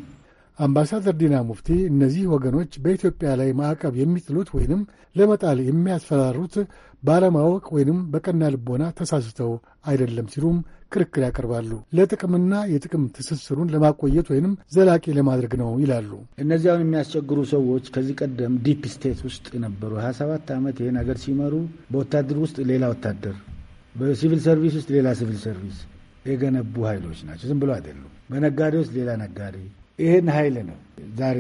አምባሳደር ዲና ሙፍቲ እነዚህ ወገኖች በኢትዮጵያ ላይ ማዕቀብ የሚጥሉት ወይንም ለመጣል የሚያስፈራሩት ባለማወቅ ወይንም በቀና ልቦና ተሳስተው አይደለም ሲሉም ክርክር ያቀርባሉ። ለጥቅምና የጥቅም ትስስሩን ለማቆየት ወይንም ዘላቂ ለማድረግ ነው ይላሉ። እነዚያውን የሚያስቸግሩ ሰዎች ከዚህ ቀደም ዲፕ ስቴት ውስጥ የነበሩ 27 ዓመት ይህን ሀገር ሲመሩ በወታደር ውስጥ ሌላ ወታደር፣ በሲቪል ሰርቪስ ውስጥ ሌላ ሲቪል ሰርቪስ የገነቡ ኃይሎች ናቸው። ዝም ብሎ አይደሉም። በነጋዴ ውስጥ ሌላ ነጋዴ። ይህን ኃይል ነው ዛሬ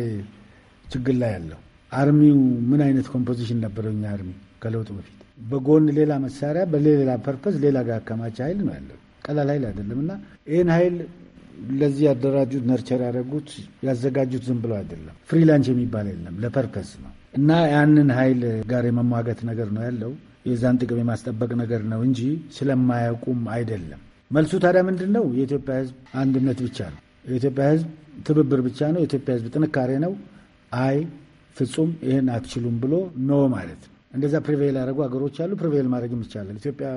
ችግር ላይ ያለው። አርሚው ምን አይነት ኮምፖዚሽን ነበረው? እኛ አርሚ ከለውጡ በፊት በጎን ሌላ መሳሪያ በሌላ ፐርፐዝ ሌላ ጋር አከማች ኃይል ነው ያለው። ቀላል ኃይል አይደለም እና ይህን ኃይል ለዚህ ያደራጁት ነርቸር ያደረጉት ያዘጋጁት ዝም ብሎ አይደለም። ፍሪላንስ የሚባል የለም፣ ለፐርፐስ ነው እና ያንን ኃይል ጋር የመሟገት ነገር ነው ያለው። የዛን ጥቅም የማስጠበቅ ነገር ነው እንጂ ስለማያውቁም አይደለም። መልሱ ታዲያ ምንድን ነው? የኢትዮጵያ ሕዝብ አንድነት ብቻ ነው። የኢትዮጵያ ሕዝብ ትብብር ብቻ ነው። የኢትዮጵያ ሕዝብ ጥንካሬ ነው። አይ ፍጹም ይህን አትችሉም ብሎ ኖ ማለት ነው። እንደዛ ፕሪቬል ያደረጉ ሀገሮች አሉ። ፕሪቬል ማድረግ ይቻላል። ኢትዮጵያ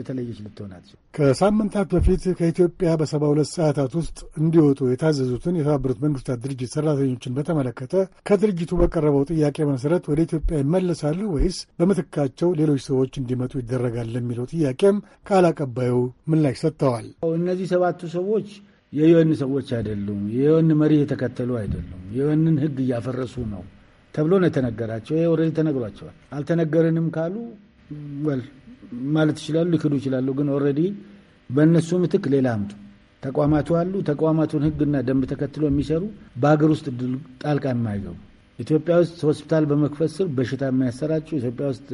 የተለየች ልትሆን ከሳምንታት በፊት ከኢትዮጵያ በሰባ ሁለት ሰዓታት ውስጥ እንዲወጡ የታዘዙትን የተባበሩት መንግስታት ድርጅት ሰራተኞችን በተመለከተ ከድርጅቱ በቀረበው ጥያቄ መሰረት ወደ ኢትዮጵያ ይመለሳሉ ወይስ በምትካቸው ሌሎች ሰዎች እንዲመጡ ይደረጋል ለሚለው ጥያቄም ቃል አቀባዩ ምላሽ ሰጥተዋል። እነዚህ ሰባቱ ሰዎች የዮን ሰዎች አይደሉም። የዮን መሪ የተከተሉ አይደሉም። የዮንን ህግ እያፈረሱ ነው ተብሎ ነው የተነገራቸው። ይሄ ኦልሬዲ ተነግሯቸዋል። አልተነገረንም ካሉ ወል ማለት ይችላሉ፣ ሊክዱ ይችላሉ። ግን ኦልሬዲ በእነሱ ምትክ ሌላ አምጡ ተቋማቱ አሉ። ተቋማቱን ህግና ደንብ ተከትሎ የሚሰሩ በሀገር ውስጥ ጣልቃ የማይገቡ ኢትዮጵያ ውስጥ ሆስፒታል በመክፈት ስር በሽታ የማያሰራጩ ኢትዮጵያ ውስጥ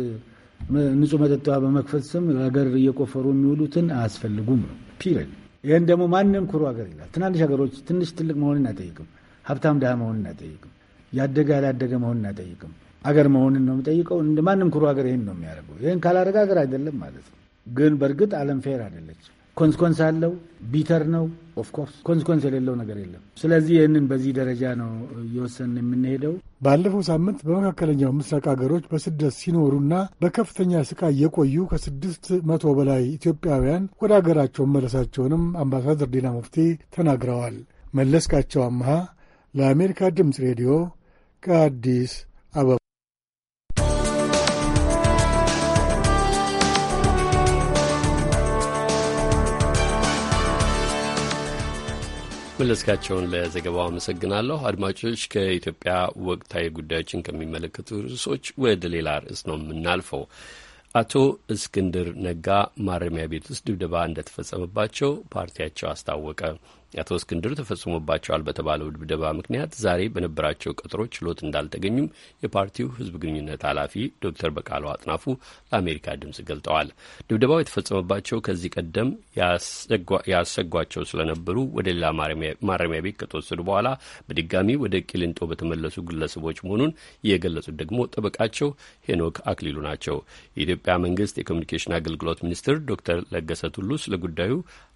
ንጹህ መጠጥ በመክፈት ስም ሀገር እየቆፈሩ የሚውሉትን አያስፈልጉም ነው ፒሪድ። ይህን ደግሞ ማንም ኩሩ ሀገር ይላል። ትናንሽ ሀገሮች ትንሽ ትልቅ መሆንን አይጠይቅም። ሀብታም ድሃ መሆንን አይጠይቅም። ያደገ ያላደገ መሆንን አይጠይቅም። አገር መሆንን ነው የሚጠይቀው። እንደ ማንም ኩሩ ሀገር ይህን ነው የሚያደርገው። ይህን ካላደረገ ሀገር አይደለም ማለት ነው። ግን በእርግጥ ዓለም ፌር አይደለች ኮንስኮንስ አለው፣ ቢተር ነው። ኦፍኮርስ ኮንስኮንስ የሌለው ነገር የለም። ስለዚህ ይህንን በዚህ ደረጃ ነው እየወሰን የምንሄደው። ባለፈው ሳምንት በመካከለኛው ምስራቅ ሀገሮች በስደት ሲኖሩና በከፍተኛ ስቃይ የቆዩ ከስድስት መቶ በላይ ኢትዮጵያውያን ወደ አገራቸው መለሳቸውንም አምባሳደር ዲና ሙፍቲ ተናግረዋል። መለስካቸው አምሃ ለአሜሪካ ድምፅ ሬዲዮ ከአዲስ አበባ መለስካቸውን ለዘገባው አመሰግናለሁ። አድማጮች፣ ከኢትዮጵያ ወቅታዊ ጉዳዮችን ከሚመለከቱ ርዕሶች ወደ ሌላ ርዕስ ነው የምናልፈው። አቶ እስክንድር ነጋ ማረሚያ ቤት ውስጥ ድብደባ እንደተፈጸመባቸው ፓርቲያቸው አስታወቀ። አቶ እስክንድር ተፈጽሞባቸዋል በተባለው ድብደባ ምክንያት ዛሬ በነበራቸው ቀጠሮ ችሎት እንዳልተገኙም የፓርቲው ህዝብ ግንኙነት ኃላፊ ዶክተር በቃሉ አጥናፉ ለአሜሪካ ድምፅ ገልጠዋል። ድብደባው የተፈጸመባቸው ከዚህ ቀደም ያሰጓቸው ስለነበሩ ወደ ሌላ ማረሚያ ቤት ከተወሰዱ በኋላ በድጋሚ ወደ ቂሊንጦ በተመለሱ ግለሰቦች መሆኑን የገለጹት ደግሞ ጠበቃቸው ሄኖክ አክሊሉ ናቸው። የኢትዮጵያ መንግስት የኮሚኒኬሽን አገልግሎት ሚኒስትር ዶክተር ለገሰ ቱሉ ስለ ጉዳዩ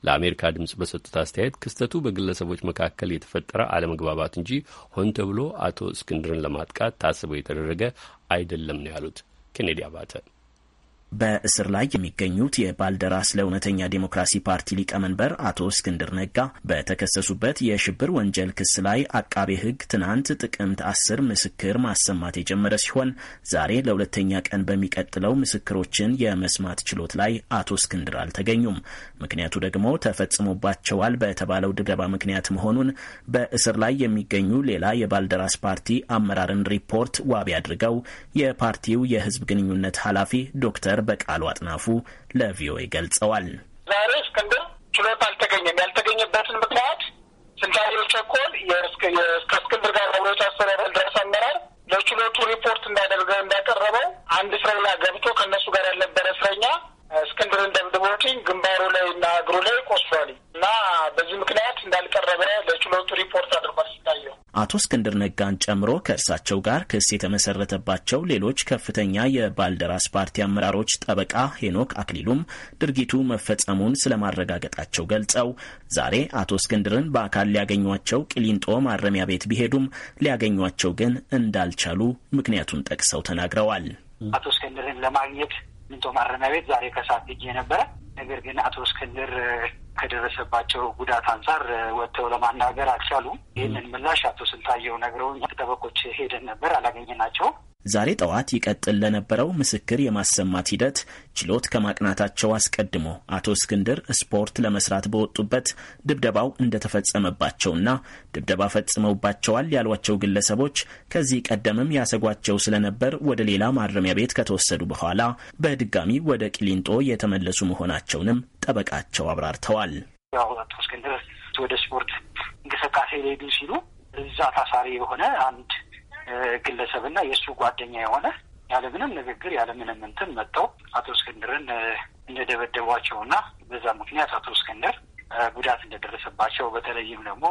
ለአሜሪካ ድምፅ በሰጡት አስተያየት ክስተቱ በግለሰቦች መካከል የተፈጠረ አለመግባባት እንጂ ሆን ተብሎ አቶ እስክንድርን ለማጥቃት ታስቦ የተደረገ አይደለም ነው ያሉት። ኬኔዲ አባተ በእስር ላይ የሚገኙት የባልደራስ ለእውነተኛ ዴሞክራሲ ፓርቲ ሊቀመንበር አቶ እስክንድር ነጋ በተከሰሱበት የሽብር ወንጀል ክስ ላይ አቃቤ ሕግ ትናንት ጥቅምት አስር ምስክር ማሰማት የጀመረ ሲሆን ዛሬ ለሁለተኛ ቀን በሚቀጥለው ምስክሮችን የመስማት ችሎት ላይ አቶ እስክንድር አልተገኙም። ምክንያቱ ደግሞ ተፈጽሞባቸዋል በተባለው ድብደባ ምክንያት መሆኑን በእስር ላይ የሚገኙ ሌላ የባልደራስ ፓርቲ አመራርን ሪፖርት ዋቢ አድርገው የፓርቲው የህዝብ ግንኙነት ኃላፊ ዶክተር በቃሉ አጥናፉ ለቪኦኤ ገልጸዋል። ዛሬ እስክንድር ችሎት አልተገኘም። ያልተገኘበትን ምክንያት ስንታየሁ ቸኮል ከእስክንድር ጋር አብሮ የታሰረ ባልደረስ አመራር ለችሎቱ ሪፖርት እንዳደርገው እንዳቀረበው አንድ እስረኛ ገብቶ ከእነሱ ጋር ያልነበረ እስረኛ እስክንድር እንደምድቦችኝ ግንባሩ ላይ እና እግሩ ላይ ቆስሏል እና በዚህ ምክንያት እንዳልቀረበ ለችሎቱ ሪፖርት አድርጓል። ሲታየው አቶ እስክንድር ነጋን ጨምሮ ከእርሳቸው ጋር ክስ የተመሰረተባቸው ሌሎች ከፍተኛ የባልደራስ ፓርቲ አመራሮች ጠበቃ ሄኖክ አክሊሉም ድርጊቱ መፈጸሙን ስለማረጋገጣቸው ገልጸው ዛሬ አቶ እስክንድርን በአካል ሊያገኟቸው ቅሊንጦ ማረሚያ ቤት ቢሄዱም ሊያገኟቸው ግን እንዳልቻሉ ምክንያቱን ጠቅሰው ተናግረዋል። አቶ እስክንድርን ለማግኘት ምንቶ ማረሚያ ቤት ዛሬ ከሰዓት ሄጄ ነበረ። ነገር ግን አቶ እስክንድር ከደረሰባቸው ጉዳት አንጻር ወጥተው ለማናገር አልቻሉም። ይህንን ምላሽ አቶ ስንታየው ነግረውኝ ጠበቆች ሄደን ነበር፣ አላገኘናቸውም። ዛሬ ጠዋት ይቀጥል ለነበረው ምስክር የማሰማት ሂደት ችሎት ከማቅናታቸው አስቀድሞ አቶ እስክንድር ስፖርት ለመስራት በወጡበት ድብደባው እንደተፈጸመባቸውና ድብደባ ፈጽመውባቸዋል ያሏቸው ግለሰቦች ከዚህ ቀደምም ያሰጓቸው ስለነበር ወደ ሌላ ማረሚያ ቤት ከተወሰዱ በኋላ በድጋሚ ወደ ቂሊንጦ የተመለሱ መሆናቸውንም ጠበቃቸው አብራርተዋል። አቶ እስክንድር ወደ ስፖርት እንቅስቃሴ ሊሄዱ ሲሉ እዛ ታሳሪ የሆነ አንድ ግለሰብና የእሱ ጓደኛ የሆነ ያለምንም ንግግር ያለምንም እንትን መጥተው አቶ እስክንድርን እንደደበደቧቸውና በዛ ምክንያት አቶ እስክንድር ጉዳት እንደደረሰባቸው በተለይም ደግሞ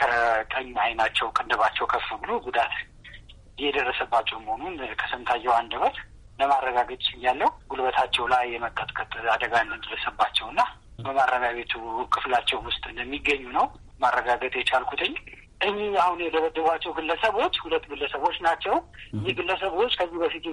ከቀኝ አይናቸው ቅንድባቸው ከፍ ብሎ ጉዳት የደረሰባቸው መሆኑን ከስንታየው አንደበት ለማረጋገጥ ያለው ጉልበታቸው ላይ የመቀጥቀጥ አደጋ እንደደረሰባቸውና በማረሚያ ቤቱ ክፍላቸው ውስጥ እንደሚገኙ ነው ማረጋገጥ የቻልኩትኝ። እኚህ አሁን የደበደቧቸው ግለሰቦች ሁለት ግለሰቦች ናቸው። እኚህ ግለሰቦች ከዚህ በፊት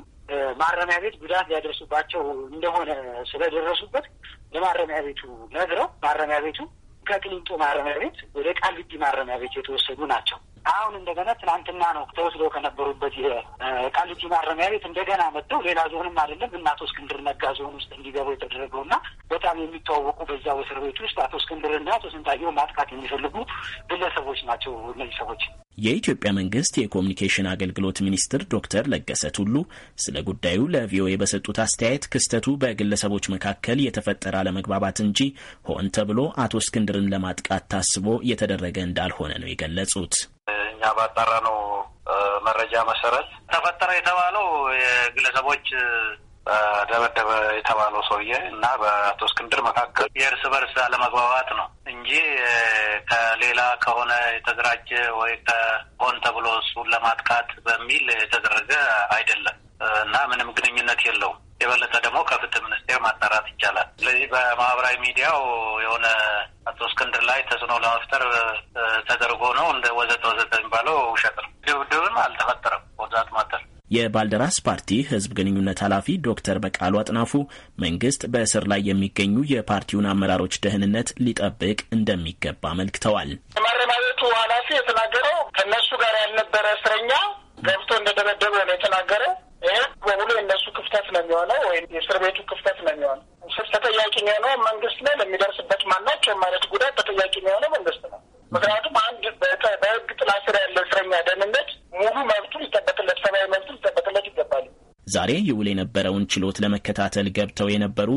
ማረሚያ ቤት ጉዳት ሊያደርሱባቸው እንደሆነ ስለደረሱበት ለማረሚያ ቤቱ ነግረው ማረሚያ ቤቱ ከቅሊንጦ ማረሚያ ቤት ወደ ቃሊቲ ማረሚያ ቤት የተወሰዱ ናቸው። አሁን እንደገና ትናንትና ነው ተወስደው ከነበሩበት የቃሊቲ ማረሚያ ቤት እንደገና መጥተው ሌላ ዞንም አይደለም እና አቶ እስክንድር ነጋ ዞን ውስጥ እንዲገቡ የተደረገው እና በጣም የሚተዋወቁ በዛ እስር ቤት ውስጥ አቶ እስክንድርና አቶ ስንታየው ማጥቃት የሚፈልጉ ግለሰቦች ናቸው እነዚህ ሰዎች። የኢትዮጵያ መንግስት የኮሚኒኬሽን አገልግሎት ሚኒስትር ዶክተር ለገሰ ቱሉ ስለ ጉዳዩ ለቪኦኤ በሰጡት አስተያየት ክስተቱ በግለሰቦች መካከል የተፈጠረ አለመግባባት እንጂ ሆን ተብሎ አቶ እስክንድርን ለማጥቃት ታስቦ የተደረገ እንዳልሆነ ነው የገለጹት። እኛ ባጣራ ነው መረጃ መሰረት ተፈጠረ የተባለው የግለሰቦች በደበደበ የተባለው ሰውዬ እና በአቶ እስክንድር መካከል የእርስ በርስ አለመግባባት ነው እንጂ ከሌላ ከሆነ የተደራጀ ወይ ከሆን ተብሎ እሱን ለማጥቃት በሚል የተደረገ አይደለም እና ምንም ግንኙነት የለውም። የበለጠ ደግሞ ከፍትህ ሚኒስቴር ማጣራት ይቻላል። ስለዚህ በማህበራዊ ሚዲያው የሆነ አቶ እስክንድር ላይ ተጽዕኖ ለመፍጠር ተደርጎ ነው እንደ ወዘተ ወዘተ የሚባለው ውሸት ነው። ድብድብም አልተፈጠረም ወዛት ማጠር የባልደራስ ፓርቲ ህዝብ ግንኙነት ኃላፊ ዶክተር በቃሉ አጥናፉ መንግስት በእስር ላይ የሚገኙ የፓርቲውን አመራሮች ደህንነት ሊጠብቅ እንደሚገባ አመልክተዋል። የማረሚያ ቤቱ ኃላፊ የተናገረው ከእነሱ ጋር ያልነበረ እስረኛ ገብቶ እንደደበደበ ነው የተናገረ። ይህ በሙሉ የእነሱ ክፍተት ነው የሚሆነው ወይም የእስር ቤቱ ክፍተት ነው የሚሆነው። ስር ተጠያቂ የሚሆነው መንግስት ነው። ለሚደርስበት ማናቸው የማለት ጉዳት ተጠያቂ የሚሆነው መንግስት ነው። ምክንያቱም አንድ በህግ ጥላ ስር ያለ እስረኛ ደህንነት ሙሉ መብቱ ሊጠበቅለት፣ ሰብአዊ መብቱ ሊጠበቅለት ይገባል። ዛሬ ይውል የነበረውን ችሎት ለመከታተል ገብተው የነበሩ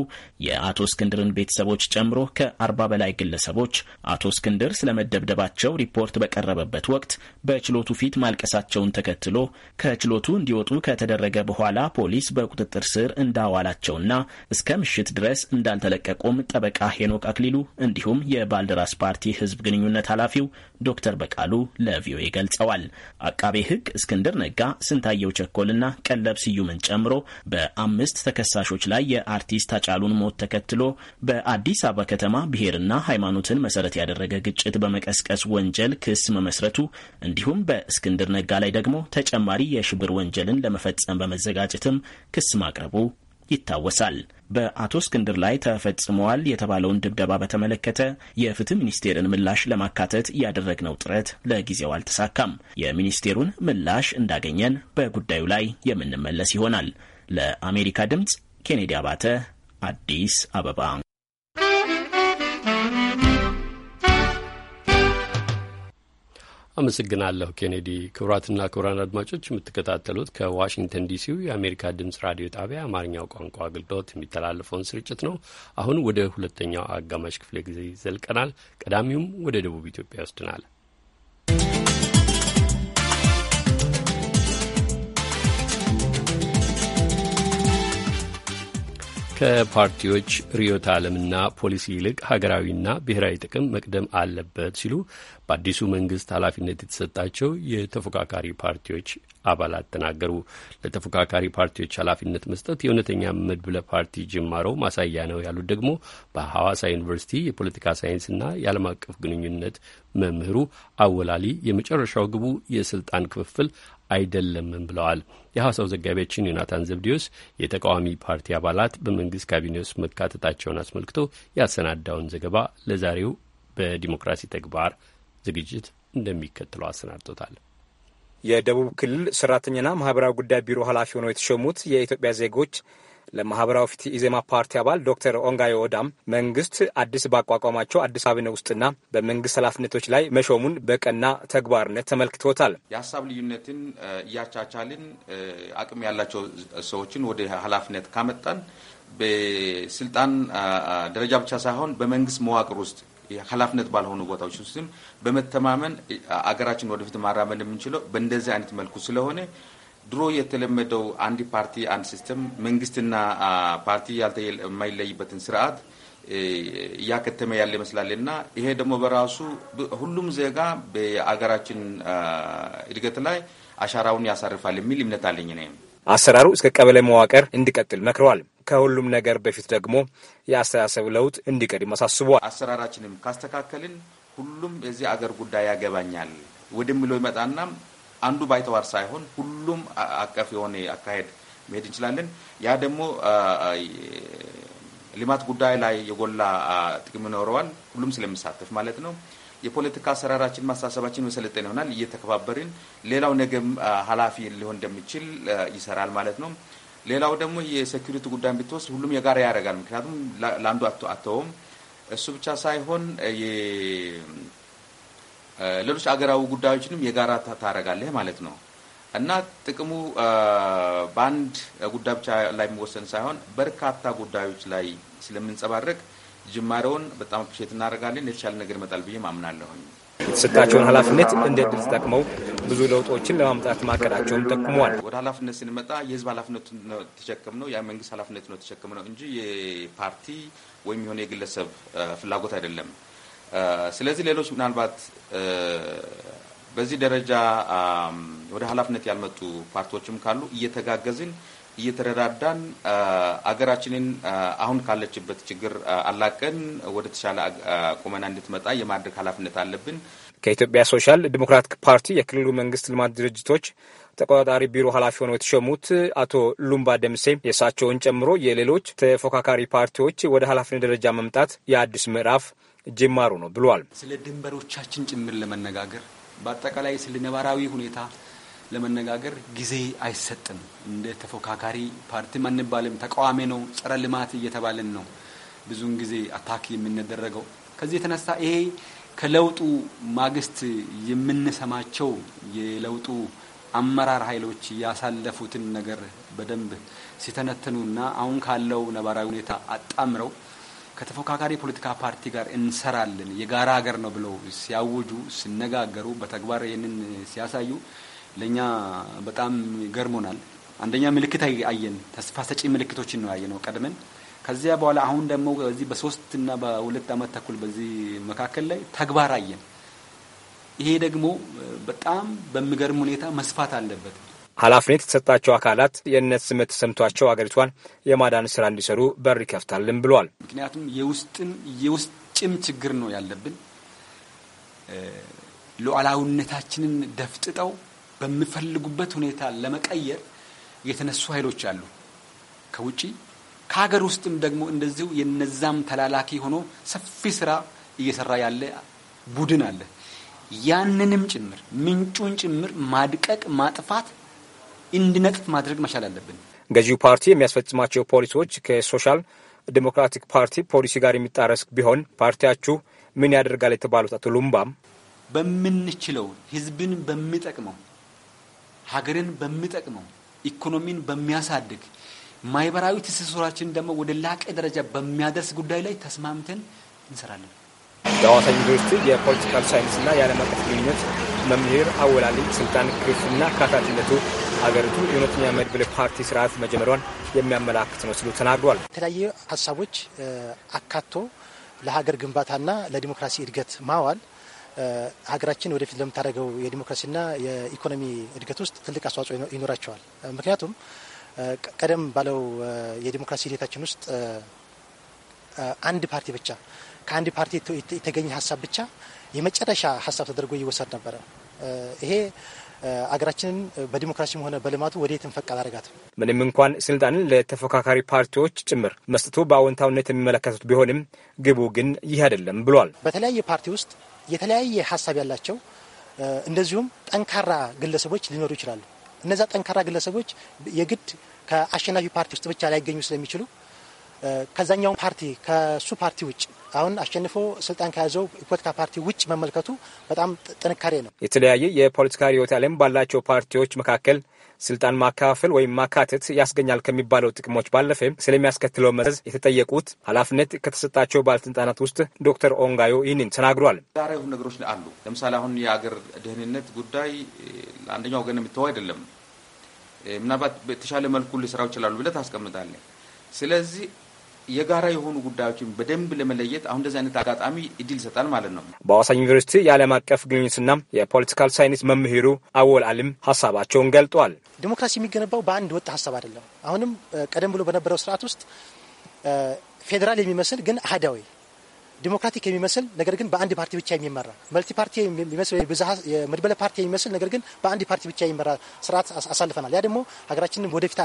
የአቶ እስክንድርን ቤተሰቦች ጨምሮ ከአርባ በላይ ግለሰቦች አቶ እስክንድር ስለመደብደባቸው ሪፖርት በቀረበበት ወቅት በችሎቱ ፊት ማልቀሳቸውን ተከትሎ ከችሎቱ እንዲወጡ ከተደረገ በኋላ ፖሊስ በቁጥጥር ስር እንዳዋላቸውና እስከ ምሽት ድረስ እንዳልተለቀቁም ጠበቃ ሄኖክ አክሊሉ እንዲሁም የባልደራስ ፓርቲ ህዝብ ግንኙነት ኃላፊው ዶክተር በቃሉ ለቪኦኤ ገልጸዋል። አቃቤ ሕግ እስክንድር ነጋ፣ ስንታየው ቸኮልና ቀለብ ስዩምን ጨምሮ በአምስት ተከሳሾች ላይ የአርቲስት አጫሉን ሞት ተከትሎ በአዲስ አበባ ከተማ ብሔርና ሃይማኖትን መሰረት ያደረገ ግጭት በመቀስቀስ ወንጀል ክስ መመስረቱ እንዲሁም በእስክንድር ነጋ ላይ ደግሞ ተጨማሪ የሽብር ወንጀልን ለመፈጸም በመዘጋጀትም ክስ ማቅረቡ ይታወሳል። በአቶ እስክንድር ላይ ተፈጽመዋል የተባለውን ድብደባ በተመለከተ የፍትህ ሚኒስቴርን ምላሽ ለማካተት ያደረግነው ጥረት ለጊዜው አልተሳካም። የሚኒስቴሩን ምላሽ እንዳገኘን በጉዳዩ ላይ የምንመለስ ይሆናል። ለአሜሪካ ድምፅ ኬኔዲ አባተ አዲስ አበባ አመሰግናለሁ ኬኔዲ። ክቡራትና ክቡራን አድማጮች የምትከታተሉት ከዋሽንግተን ዲሲው የአሜሪካ ድምጽ ራዲዮ ጣቢያ አማርኛው ቋንቋ አገልግሎት የሚተላለፈውን ስርጭት ነው። አሁን ወደ ሁለተኛው አጋማሽ ክፍለ ጊዜ ይዘልቀናል። ቀዳሚውም ወደ ደቡብ ኢትዮጵያ ይወስድናል። ከፓርቲዎች ርዕዮተ ዓለምና ፖሊሲ ይልቅ ሀገራዊና ብሔራዊ ጥቅም መቅደም አለበት ሲሉ በአዲሱ መንግስት ኃላፊነት የተሰጣቸው የተፎካካሪ ፓርቲዎች አባላት ተናገሩ። ለተፎካካሪ ፓርቲዎች ኃላፊነት መስጠት የእውነተኛ መድብለ ፓርቲ ጅማሮ ማሳያ ነው ያሉት ደግሞ በሐዋሳ ዩኒቨርሲቲ የፖለቲካ ሳይንስና የዓለም አቀፍ ግንኙነት መምህሩ አወላሊ የመጨረሻው ግቡ የስልጣን ክፍፍል አይደለምም ብለዋል። የሐዋሳው ዘጋቢያችን ዮናታን ዘብዲዮስ የተቃዋሚ ፓርቲ አባላት በመንግስት ካቢኔ ውስጥ መካተታቸውን አስመልክቶ ያሰናዳውን ዘገባ ለዛሬው በዲሞክራሲ ተግባር ዝግጅት እንደሚከተለው አሰናድቶታል። የደቡብ ክልል ሰራተኛና ማህበራዊ ጉዳይ ቢሮ ኃላፊ ሆነው የተሾሙት የኢትዮጵያ ዜጎች ለማህበራዊ ፍትህ ኢዜማ ፓርቲ አባል ዶክተር ኦንጋዮ ኦዳም መንግስት አዲስ ባቋቋማቸው አዲስ አበባ ውስጥና በመንግስት ኃላፊነቶች ላይ መሾሙን በቀና ተግባርነት ተመልክቶታል። የሀሳብ ልዩነትን እያቻቻልን አቅም ያላቸው ሰዎችን ወደ ኃላፊነት ካመጣን በስልጣን ደረጃ ብቻ ሳይሆን በመንግስት መዋቅር ውስጥ ኃላፊነት ባልሆኑ ቦታዎች ውስጥም በመተማመን አገራችን ወደፊት ማራመድ የምንችለው በእንደዚህ አይነት መልኩ ስለሆነ ድሮ የተለመደው አንድ ፓርቲ አንድ ሲስተም መንግስትና ፓርቲ የማይለይበትን ስርዓት እያከተመ ያለ ይመስላል እና ይሄ ደግሞ በራሱ ሁሉም ዜጋ በአገራችን እድገት ላይ አሻራውን ያሳርፋል የሚል እምነት አለኝ። ነ አሰራሩ እስከ ቀበሌ መዋቅር እንዲቀጥል መክረዋል። ከሁሉም ነገር በፊት ደግሞ የአስተሳሰብ ለውጥ እንዲቀድም አሳስቧል። አሰራራችንም ካስተካከልን ሁሉም የዚህ አገር ጉዳይ ያገባኛል ወደሚለው ይመጣና አንዱ ባይተዋር ሳይሆን ሁሉም አቀፍ የሆነ አካሄድ መሄድ እንችላለን። ያ ደግሞ ልማት ጉዳይ ላይ የጎላ ጥቅም ይኖረዋል፣ ሁሉም ስለሚሳተፍ ማለት ነው። የፖለቲካ አሰራራችን ማሳሰባችን መሰለጠን ይሆናል። እየተከባበርን ሌላው ነገም ኃላፊ ሊሆን እንደሚችል ይሰራል ማለት ነው። ሌላው ደግሞ የሴኩሪቲ ጉዳይ ብትወስድ ሁሉም የጋራ ያደርጋል። ምክንያቱም ለአንዱ አተውም። እሱ ብቻ ሳይሆን ሌሎች አገራዊ ጉዳዮችንም የጋራ ታረጋለህ ማለት ነው እና ጥቅሙ በአንድ ጉዳይ ብቻ ላይ የሚወሰን ሳይሆን በርካታ ጉዳዮች ላይ ስለምንጸባረቅ ጅማሬውን በጣም አፕሪሼት እናደርጋለን። የተሻለ ነገር ይመጣል ብዬ አምናለሁኝ። የተሰጣቸውን ኃላፊነት እንደ ድል ተጠቅመው ብዙ ለውጦችን ለማምጣት ማቀዳቸውም ጠቁመዋል። ወደ ኃላፊነት ስንመጣ የህዝብ ኃላፊነት ነው ተሸክም ነው የመንግስት ኃላፊነት ነው ተሸክም ነው እንጂ የፓርቲ ወይም የሆነ የግለሰብ ፍላጎት አይደለም። ስለዚህ ሌሎች ምናልባት በዚህ ደረጃ ወደ ኃላፊነት ያልመጡ ፓርቲዎችም ካሉ እየተጋገዝን እየተረዳዳን አገራችንን አሁን ካለችበት ችግር አላቀን ወደ ተሻለ ቁመና እንድትመጣ የማድረግ ኃላፊነት አለብን። ከኢትዮጵያ ሶሻል ዲሞክራቲክ ፓርቲ የክልሉ መንግስት ልማት ድርጅቶች ተቆጣጣሪ ቢሮ ኃላፊ ሆነው የተሾሙት አቶ ሉምባ ደምሴ የእሳቸውን ጨምሮ የሌሎች ተፎካካሪ ፓርቲዎች ወደ ኃላፊነት ደረጃ መምጣት የአዲስ ምዕራፍ ጅማሩ ነው ብሏል። ስለ ድንበሮቻችን ጭምር ለመነጋገር በአጠቃላይ ስለ ነባራዊ ሁኔታ ለመነጋገር ጊዜ አይሰጥም። እንደ ተፎካካሪ ፓርቲም አንባልም። ተቃዋሚ ነው፣ ጸረ ልማት እየተባለን ነው ብዙውን ጊዜ አታክ የምንደረገው። ከዚህ የተነሳ ይሄ ከለውጡ ማግስት የምንሰማቸው የለውጡ አመራር ኃይሎች ያሳለፉትን ነገር በደንብ ሲተነትኑና አሁን ካለው ነባራዊ ሁኔታ አጣምረው ከተፎካካሪ የፖለቲካ ፓርቲ ጋር እንሰራለን የጋራ ሀገር ነው ብለው ሲያውጁ፣ ሲነጋገሩ፣ በተግባር ይህንን ሲያሳዩ ለእኛ በጣም ገርሞናል። አንደኛ ምልክት አየን፣ ተስፋ ሰጪ ምልክቶችን ነው ያየነው ቀድመን። ከዚያ በኋላ አሁን ደግሞ በዚህ በሶስት እና በሁለት አመት ተኩል በዚህ መካከል ላይ ተግባር አየን። ይሄ ደግሞ በጣም በሚገርም ሁኔታ መስፋት አለበት። ኃላፊነት የተሰጣቸው አካላት የእነት ስሜት ተሰምቷቸው አገሪቷን የማዳን ስራ እንዲሰሩ በር ይከፍታልም ብሏል። ምክንያቱም የውስጥም የውስጭም ችግር ነው ያለብን። ሉዓላዊነታችንን ደፍጥጠው በሚፈልጉበት ሁኔታ ለመቀየር የተነሱ ኃይሎች አሉ ከውጪ ከሀገር ውስጥም ደግሞ እንደዚሁ የነዛም ተላላኪ ሆኖ ሰፊ ስራ እየሰራ ያለ ቡድን አለ። ያንንም ጭምር ምንጩን ጭምር ማድቀቅ ማጥፋት እንዲነጥፍ ማድረግ መቻል አለብን። ገዢው ፓርቲ የሚያስፈጽማቸው ፖሊሲዎች ከሶሻል ዲሞክራቲክ ፓርቲ ፖሊሲ ጋር የሚጣረስ ቢሆን ፓርቲያችሁ ምን ያደርጋል የተባሉት አቶ ሉምባም በምንችለው ህዝብን በሚጠቅመው ሀገርን በሚጠቅመው ኢኮኖሚን በሚያሳድግ ማህበራዊ ትስስራችን ደግሞ ወደ ላቀ ደረጃ በሚያደርስ ጉዳይ ላይ ተስማምተን እንሰራለን። የሐዋሳ ዩኒቨርሲቲ የፖለቲካል ሳይንስና የዓለም አቀፍ ግንኙነት መምህር አወላልኝ ስልጣን ክፍልና ካታትነቱ ሀገሪቱ የእውነተኛ መድብለ ፓርቲ ስርዓት መጀመሯን የሚያመላክት ነው ሲሉ ተናግሯል። የተለያዩ ሀሳቦች አካቶ ለሀገር ግንባታና ለዲሞክራሲ እድገት ማዋል ሀገራችን ወደፊት ለምታደርገው የዲሞክራሲና የኢኮኖሚ እድገት ውስጥ ትልቅ አስተዋጽኦ ይኖራቸዋል። ምክንያቱም ቀደም ባለው የዲሞክራሲ ሂደታችን ውስጥ አንድ ፓርቲ ብቻ ከአንድ ፓርቲ የተገኘ ሀሳብ ብቻ የመጨረሻ ሀሳብ ተደርጎ ይወሰድ ነበረ። ይሄ አገራችንን በዲሞክራሲም ሆነ በልማቱ ወዴት እንፈቅ አላረጋትም። ምንም እንኳን ስልጣንን ለተፎካካሪ ፓርቲዎች ጭምር መስጠቱ በአዎንታዊነት የሚመለከቱት ቢሆንም ግቡ ግን ይህ አይደለም ብሏል። በተለያየ ፓርቲ ውስጥ የተለያየ ሀሳብ ያላቸው እንደዚሁም ጠንካራ ግለሰቦች ሊኖሩ ይችላሉ። እነዛ ጠንካራ ግለሰቦች የግድ ከአሸናፊ ፓርቲ ውስጥ ብቻ ላይገኙ ስለሚችሉ ከዛኛውን ፓርቲ ከሱ ፓርቲ ውጭ አሁን አሸንፎ ስልጣን ከያዘው የፖለቲካ ፓርቲ ውጭ መመልከቱ በጣም ጥንካሬ ነው። የተለያየ የፖለቲካ ርዕዮተ ዓለም ባላቸው ፓርቲዎች መካከል ስልጣን ማካፈል ወይም ማካተት ያስገኛል ከሚባለው ጥቅሞች ባለፈ ስለሚያስከትለው መዘዝ የተጠየቁት ኃላፊነት ከተሰጣቸው ባለስልጣናት ውስጥ ዶክተር ኦንጋዮ ይህንን ተናግሯል። ዛሬ ነገሮች አሉ። ለምሳሌ አሁን የአገር ደህንነት ጉዳይ ለአንደኛው ወገን የሚተው አይደለም። ምናልባት በተሻለ መልኩ ሊሰራው ይችላሉ ብለህ ታስቀምጣለህ። ስለዚህ የጋራ የሆኑ ጉዳዮችን በደንብ ለመለየት አሁን እንደዚህ አይነት አጋጣሚ እድል ይሰጣል ማለት ነው። በአዋሳ ዩኒቨርሲቲ የዓለም አቀፍ ግንኙነትና የፖለቲካል ሳይንስ መምህሩ አወል አልም ሀሳባቸውን ገልጧል። ዲሞክራሲ የሚገነባው በአንድ ወጥ ሀሳብ አይደለም። አሁንም ቀደም ብሎ በነበረው ስርዓት ውስጥ ፌዴራል የሚመስል ግን አህዳዊ ዲሞክራቲክ የሚመስል ነገር ግን በአንድ ፓርቲ ብቻ የሚመራ መልቲ ፓርቲ የሚመስል መድበለ ፓርቲ የሚመስል ነገር ግን በአንድ ፓርቲ ብቻ የሚመራ ስርዓት አሳልፈናል። ያ ደግሞ ሀገራችንን ወደፊት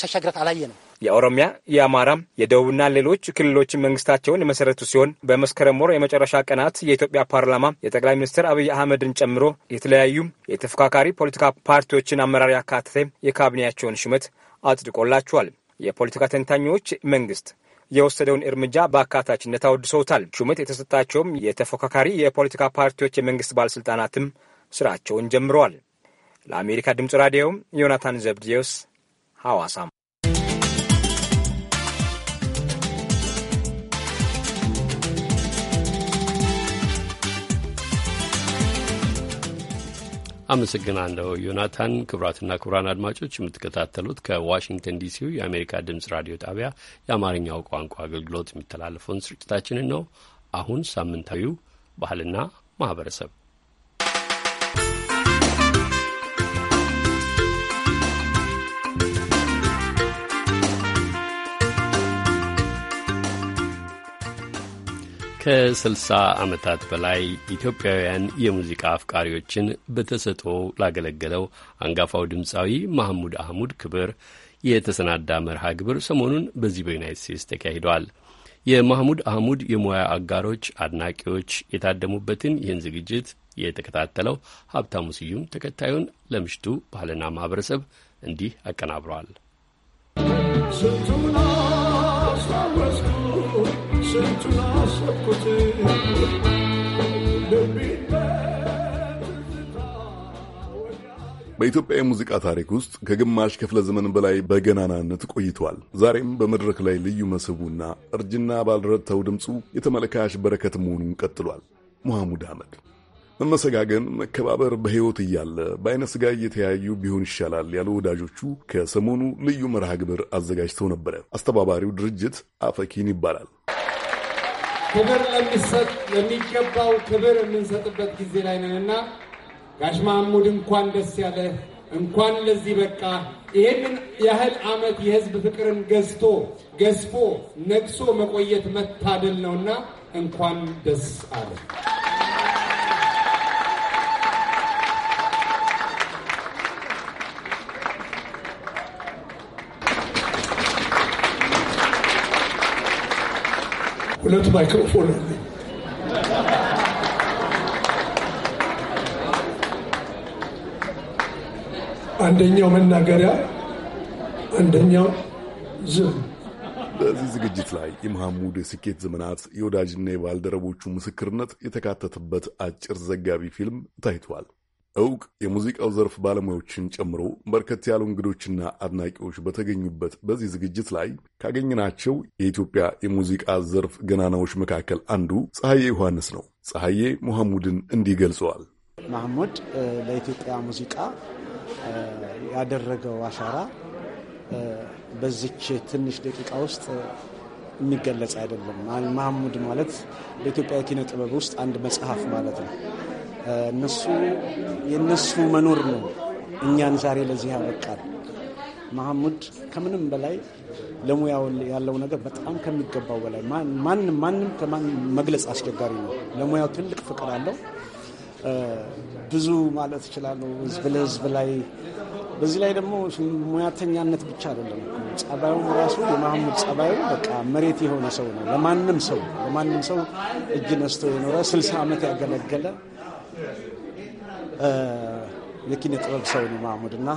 ሻሻግራት አላየንም። የኦሮሚያ የአማራ፣ የደቡብና ሌሎች ክልሎች መንግስታቸውን የመሰረቱ ሲሆን በመስከረም ወር የመጨረሻ ቀናት የኢትዮጵያ ፓርላማ የጠቅላይ ሚኒስትር አብይ አህመድን ጨምሮ የተለያዩ የተፎካካሪ ፖለቲካ ፓርቲዎችን አመራር ያካተተ የካቢኔያቸውን ሹመት አጽድቆላቸዋል። የፖለቲካ ተንታኞች መንግስት የወሰደውን እርምጃ በአካታችነት አወድሰውታል። ሹመት የተሰጣቸውም የተፎካካሪ የፖለቲካ ፓርቲዎች የመንግስት ባለሥልጣናትም ስራቸውን ጀምረዋል። ለአሜሪካ ድምፅ ራዲዮ ዮናታን ዘብዲዮስ ሐዋሳም አመሰግናለሁ ዮናታን። ክቡራትና ክቡራን አድማጮች የምትከታተሉት ከዋሽንግተን ዲሲው የአሜሪካ ድምጽ ራዲዮ ጣቢያ የአማርኛው ቋንቋ አገልግሎት የሚተላለፈውን ስርጭታችንን ነው። አሁን ሳምንታዊው ባህልና ማህበረሰብ ከ60 ዓመታት በላይ ኢትዮጵያውያን የሙዚቃ አፍቃሪዎችን በተሰጥኦ ላገለገለው አንጋፋው ድምፃዊ ማህሙድ አህሙድ ክብር የተሰናዳ መርሃ ግብር ሰሞኑን በዚህ በዩናይት ስቴትስ ተካሂዷል። የማህሙድ አህሙድ የሙያ አጋሮች፣ አድናቂዎች የታደሙበትን ይህን ዝግጅት የተከታተለው ሀብታሙ ስዩም ተከታዩን ለምሽቱ ባህልና ማህበረሰብ እንዲህ አቀናብረዋል። በኢትዮጵያ የሙዚቃ ታሪክ ውስጥ ከግማሽ ክፍለ ዘመን በላይ በገናናነት ቆይቷል። ዛሬም በመድረክ ላይ ልዩ መስህቡና እርጅና ባልረድተው ድምፁ የተመልካች በረከት መሆኑን ቀጥሏል። መሐሙድ አህመድ መመሰጋገን፣ መከባበር በሕይወት እያለ በአይነ ሥጋ እየተያዩ ቢሆን ይሻላል ያሉ ወዳጆቹ ከሰሞኑ ልዩ መርሃ ግብር አዘጋጅተው ነበረ። አስተባባሪው ድርጅት አፈኪን ይባላል። ክብር ለሚገባው ክብር የምንሰጥበት ጊዜ ላይ ነንና ጋሽ ማህሙድ እንኳን ደስ ያለ እንኳን ለዚህ በቃ። ይህንን ያህል ዓመት የህዝብ ፍቅርን ገዝቶ ገዝፎ ነግሶ መቆየት መታደል ነውና እንኳን ደስ አለ። ሁለት ማይክሮፎን አለ። አንደኛው መናገሪያ፣ አንደኛው ዝም። በዚህ ዝግጅት ላይ የመሐሙድ የስኬት ዘመናት የወዳጅና የባልደረቦቹ ምስክርነት የተካተተበት አጭር ዘጋቢ ፊልም ታይቷል። እውቅ የሙዚቃው ዘርፍ ባለሙያዎችን ጨምሮ በርከት ያሉ እንግዶችና አድናቂዎች በተገኙበት በዚህ ዝግጅት ላይ ካገኘናቸው የኢትዮጵያ የሙዚቃ ዘርፍ ገናናዎች መካከል አንዱ ፀሐዬ ዮሐንስ ነው። ፀሐዬ መሐሙድን እንዲህ ገልጸዋል። መሐሙድ ለኢትዮጵያ ሙዚቃ ያደረገው አሻራ በዚች ትንሽ ደቂቃ ውስጥ የሚገለጽ አይደለም። መሐሙድ ማለት በኢትዮጵያ የኪነ ጥበብ ውስጥ አንድ መጽሐፍ ማለት ነው። እነሱ የእነሱ መኖር ነው እኛን ዛሬ ለዚህ ያበቃል። መሐሙድ ከምንም በላይ ለሙያው ያለው ነገር በጣም ከሚገባው በላይ ማንም ማንም ከማን መግለጽ አስቸጋሪ ነው። ለሙያው ትልቅ ፍቅር አለው። ብዙ ማለት እችላለሁ ህዝብ ለህዝብ ላይ። በዚህ ላይ ደግሞ ሙያተኛነት ብቻ አይደለም፣ ጸባዩም ራሱ የመሐሙድ ጸባዩ በቃ መሬት የሆነ ሰው ነው። ለማንም ሰው ለማንም ሰው እጅ ነስቶ የኖረ ስልሳ ዓመት ያገለገለ የኪነ ጥበብ ሰው ነው ማሙድ እና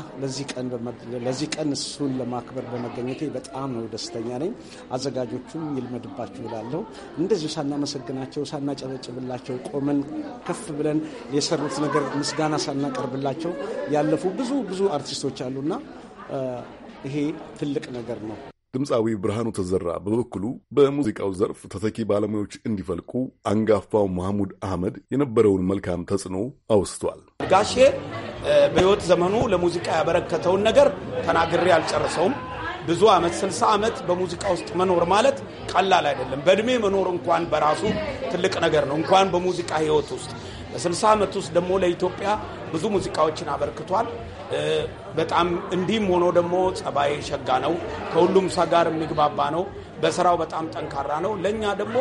ለዚህ ቀን እሱን ለማክበር በመገኘቴ በጣም ነው ደስተኛ ነኝ። አዘጋጆቹም ይልመድባችሁ እላለሁ። እንደዚሁ ሳናመሰግናቸው ሳናጨበጭብላቸው ቆመን ከፍ ብለን የሰሩት ነገር ምስጋና ሳናቀርብላቸው ያለፉ ብዙ ብዙ አርቲስቶች አሉና ይሄ ትልቅ ነገር ነው። ድምፃዊ ብርሃኑ ተዘራ በበኩሉ በሙዚቃው ዘርፍ ተተኪ ባለሙያዎች እንዲፈልቁ አንጋፋው መሐሙድ አህመድ የነበረውን መልካም ተጽዕኖ አውስቷል። ጋሼ በሕይወት ዘመኑ ለሙዚቃ ያበረከተውን ነገር ተናግሬ አልጨርሰውም። ብዙ ዓመት ስልሳ ዓመት በሙዚቃ ውስጥ መኖር ማለት ቀላል አይደለም። በእድሜ መኖር እንኳን በራሱ ትልቅ ነገር ነው፣ እንኳን በሙዚቃ ሕይወት ውስጥ በ60 ዓመት ውስጥ ደግሞ ለኢትዮጵያ ብዙ ሙዚቃዎችን አበርክቷል። በጣም እንዲህም ሆኖ ደግሞ ጸባይ ሸጋ ነው። ከሁሉም ሰው ጋር የሚግባባ ነው። በስራው በጣም ጠንካራ ነው። ለእኛ ደግሞ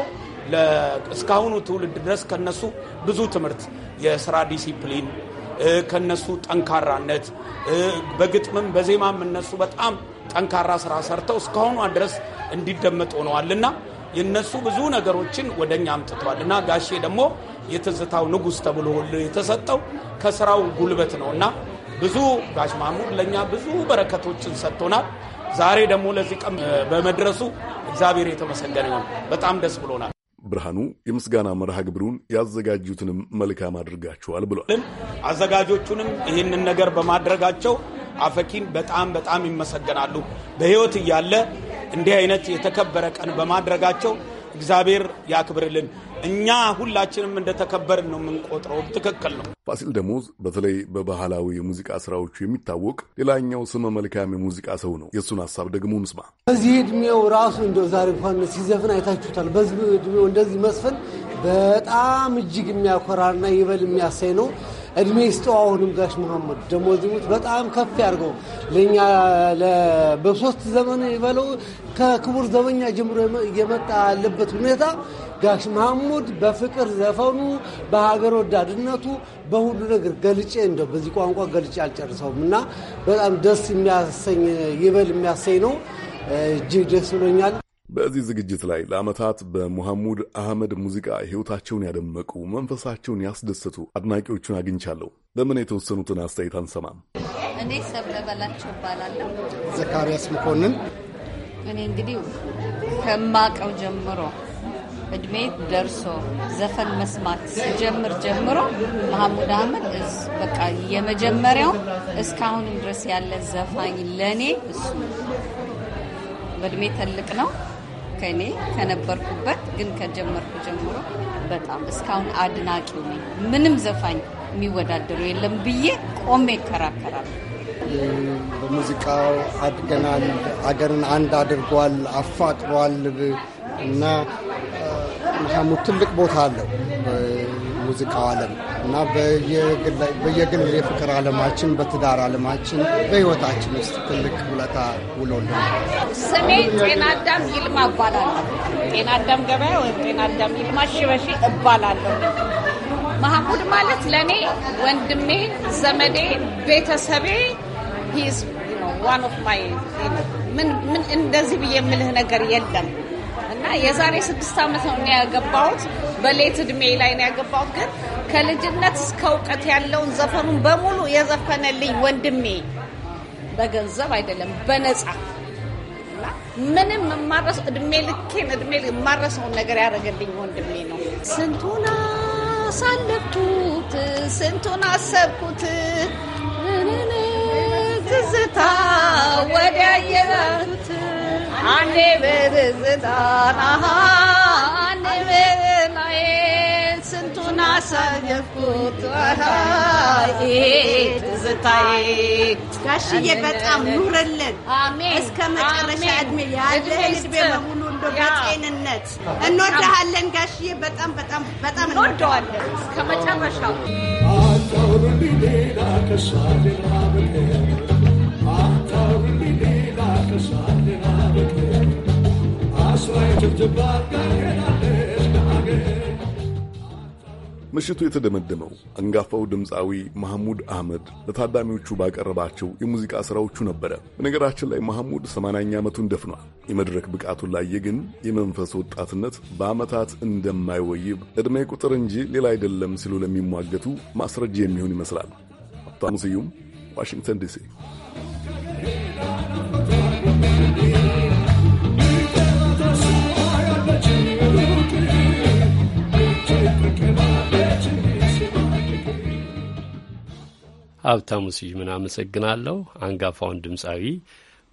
እስካሁኑ ትውልድ ድረስ ከነሱ ብዙ ትምህርት የስራ ዲሲፕሊን ከነሱ ጠንካራነት በግጥምም በዜማም እነሱ በጣም ጠንካራ ስራ ሰርተው እስካሁኗ ድረስ እንዲደመጥ ሆነዋልና የነሱ ብዙ ነገሮችን ወደ እኛ አምጥተዋል ጋሼ ደግሞ የትዝታው ንጉሥ ተብሎ ሁሉ የተሰጠው ከስራው ጉልበት ነው እና ብዙ ጋሽ ማሙድ ለእኛ ብዙ በረከቶችን ሰጥቶናል። ዛሬ ደግሞ ለዚህ ቀን በመድረሱ እግዚአብሔር የተመሰገነ ይሁን። በጣም ደስ ብሎናል። ብርሃኑ የምስጋና መርሃ ግብሩን ያዘጋጁትንም መልካም አድርጋችኋል ብሏል። አዘጋጆቹንም ይህንን ነገር በማድረጋቸው አፈኪን በጣም በጣም ይመሰገናሉ። በሕይወት እያለ እንዲህ አይነት የተከበረ ቀን በማድረጋቸው እግዚአብሔር ያክብርልን። እኛ ሁላችንም እንደተከበርን ነው የምንቆጥረው። ትክክል ነው። ፋሲል ደሞዝ በተለይ በባህላዊ የሙዚቃ ስራዎቹ የሚታወቅ ሌላኛው ስመ መልካም የሙዚቃ ሰው ነው። የእሱን ሀሳብ ደግሞ እንስማ። በዚህ እድሜው ራሱ እንደው ዛሬ እንኳን ሲዘፍን አይታችሁታል። በዚህ እድሜው እንደዚህ መስፈን በጣም እጅግ የሚያኮራና ይበል የሚያሳይ ነው። እድሜ ይስጠው። አሁንም ጋሽ መሐመድ ደሞዝ ይሙት በጣም ከፍ ያድርገው። ለእኛ በሶስት ዘመን ይበለው ከክቡር ዘበኛ ጀምሮ የመጣ ያለበት ሁኔታ ጋሽ ማሙድ በፍቅር ዘፈኑ በሀገር ወዳድነቱ በሁሉ ነገር ገልጬ እንደው በዚህ ቋንቋ ገልጬ አልጨርሰውም እና በጣም ደስ የሚያሰኝ ይበል የሚያሰኝ ነው። እጅግ ደስ ብሎኛል። በዚህ ዝግጅት ላይ ለዓመታት በሙሐሙድ አህመድ ሙዚቃ ሕይወታቸውን ያደመቁ መንፈሳቸውን ያስደሰቱ አድናቂዎቹን አግኝቻለሁ። ለምን የተወሰኑትን አስተያየት አንሰማም? እኔ ሰብለ በላቸው እባላለሁ። ዘካርያስ መኮንን። እኔ እንግዲህ ከማቀው ጀምሮ እድሜ ደርሶ ዘፈን መስማት ስጀምር ጀምሮ መሐሙድ አህመድ በቃ የመጀመሪያው እስካሁንም ድረስ ያለ ዘፋኝ ለእኔ እሱ በእድሜ ትልቅ ነው ከእኔ ከነበርኩበት ግን ከጀመርኩ ጀምሮ በጣም እስካሁን አድናቂው ነኝ። ምንም ዘፋኝ የሚወዳደሩ የለም ብዬ ቆሜ ይከራከራል። በሙዚቃው አድገናል፣ አገርን አንድ አድርጓል፣ አፋቅሯል እና ሳሙት ትልቅ ቦታ አለው ሙዚቃ ዓለም እና በየግል የፍቅር ዓለማችን፣ በትዳር ዓለማችን፣ በህይወታችን ውስጥ ትልቅ ውለታ ውሎልን። ስሜ ጤና አዳም ይልማ እባላለሁ። ጤና አዳም ገበያ ወይም ጤና ዳም ይልማ ሽበሺ እባላለሁ። መሐሙድ ማለት ለእኔ ወንድሜ፣ ዘመዴ፣ ቤተሰቤ ዋን ኦፍ ማይ ምን እንደዚህ ብዬ የምልህ ነገር የለም። የዛሬ ስድስት ዓመት ነው እኔ ያገባሁት። በሌት እድሜ ላይ ነው ያገባሁት። ግን ከልጅነት እስከ እውቀት ያለውን ዘፈኑን በሙሉ የዘፈነልኝ ወንድሜ በገንዘብ አይደለም በነፃ ምንም የማረሰው እድሜ ልኬን እድሜ የማረሰውን ነገር ያደረገልኝ ወንድሜ ነው። ስንቱን አሳለፍኩት፣ ስንቱን አሰብኩት ትዝታ ወዲያ አንዴ በትዝታ አንዴ በላይ ጋሽዬ በጣም ኑርልን እስከ መጨረሻ እድሜ ያለ ህዝቤ በሙሉ በጤንነት እንወዳሃለን ጋሽዬ። በጣም በጣም በጣም እንወደዋለን እስከ መጨረሻው ምሽቱ የተደመደመው አንጋፋው ድምፃዊ መሐሙድ አህመድ ለታዳሚዎቹ ባቀረባቸው የሙዚቃ ሥራዎቹ ነበረ። በነገራችን ላይ መሐሙድ ሰማንያኛ ዓመቱን ደፍኗል። የመድረክ ብቃቱን ላየ ግን የመንፈስ ወጣትነት በዓመታት እንደማይወይብ ዕድሜ ቁጥር እንጂ ሌላ አይደለም ሲሉ ለሚሟገቱ ማስረጃ የሚሆን ይመስላል። ሀብታሙ ስዩም ዋሽንግተን ዲሲ ሀብታሙ ስዩምን አመሰግናለሁ። አንጋፋውን ድምፃዊ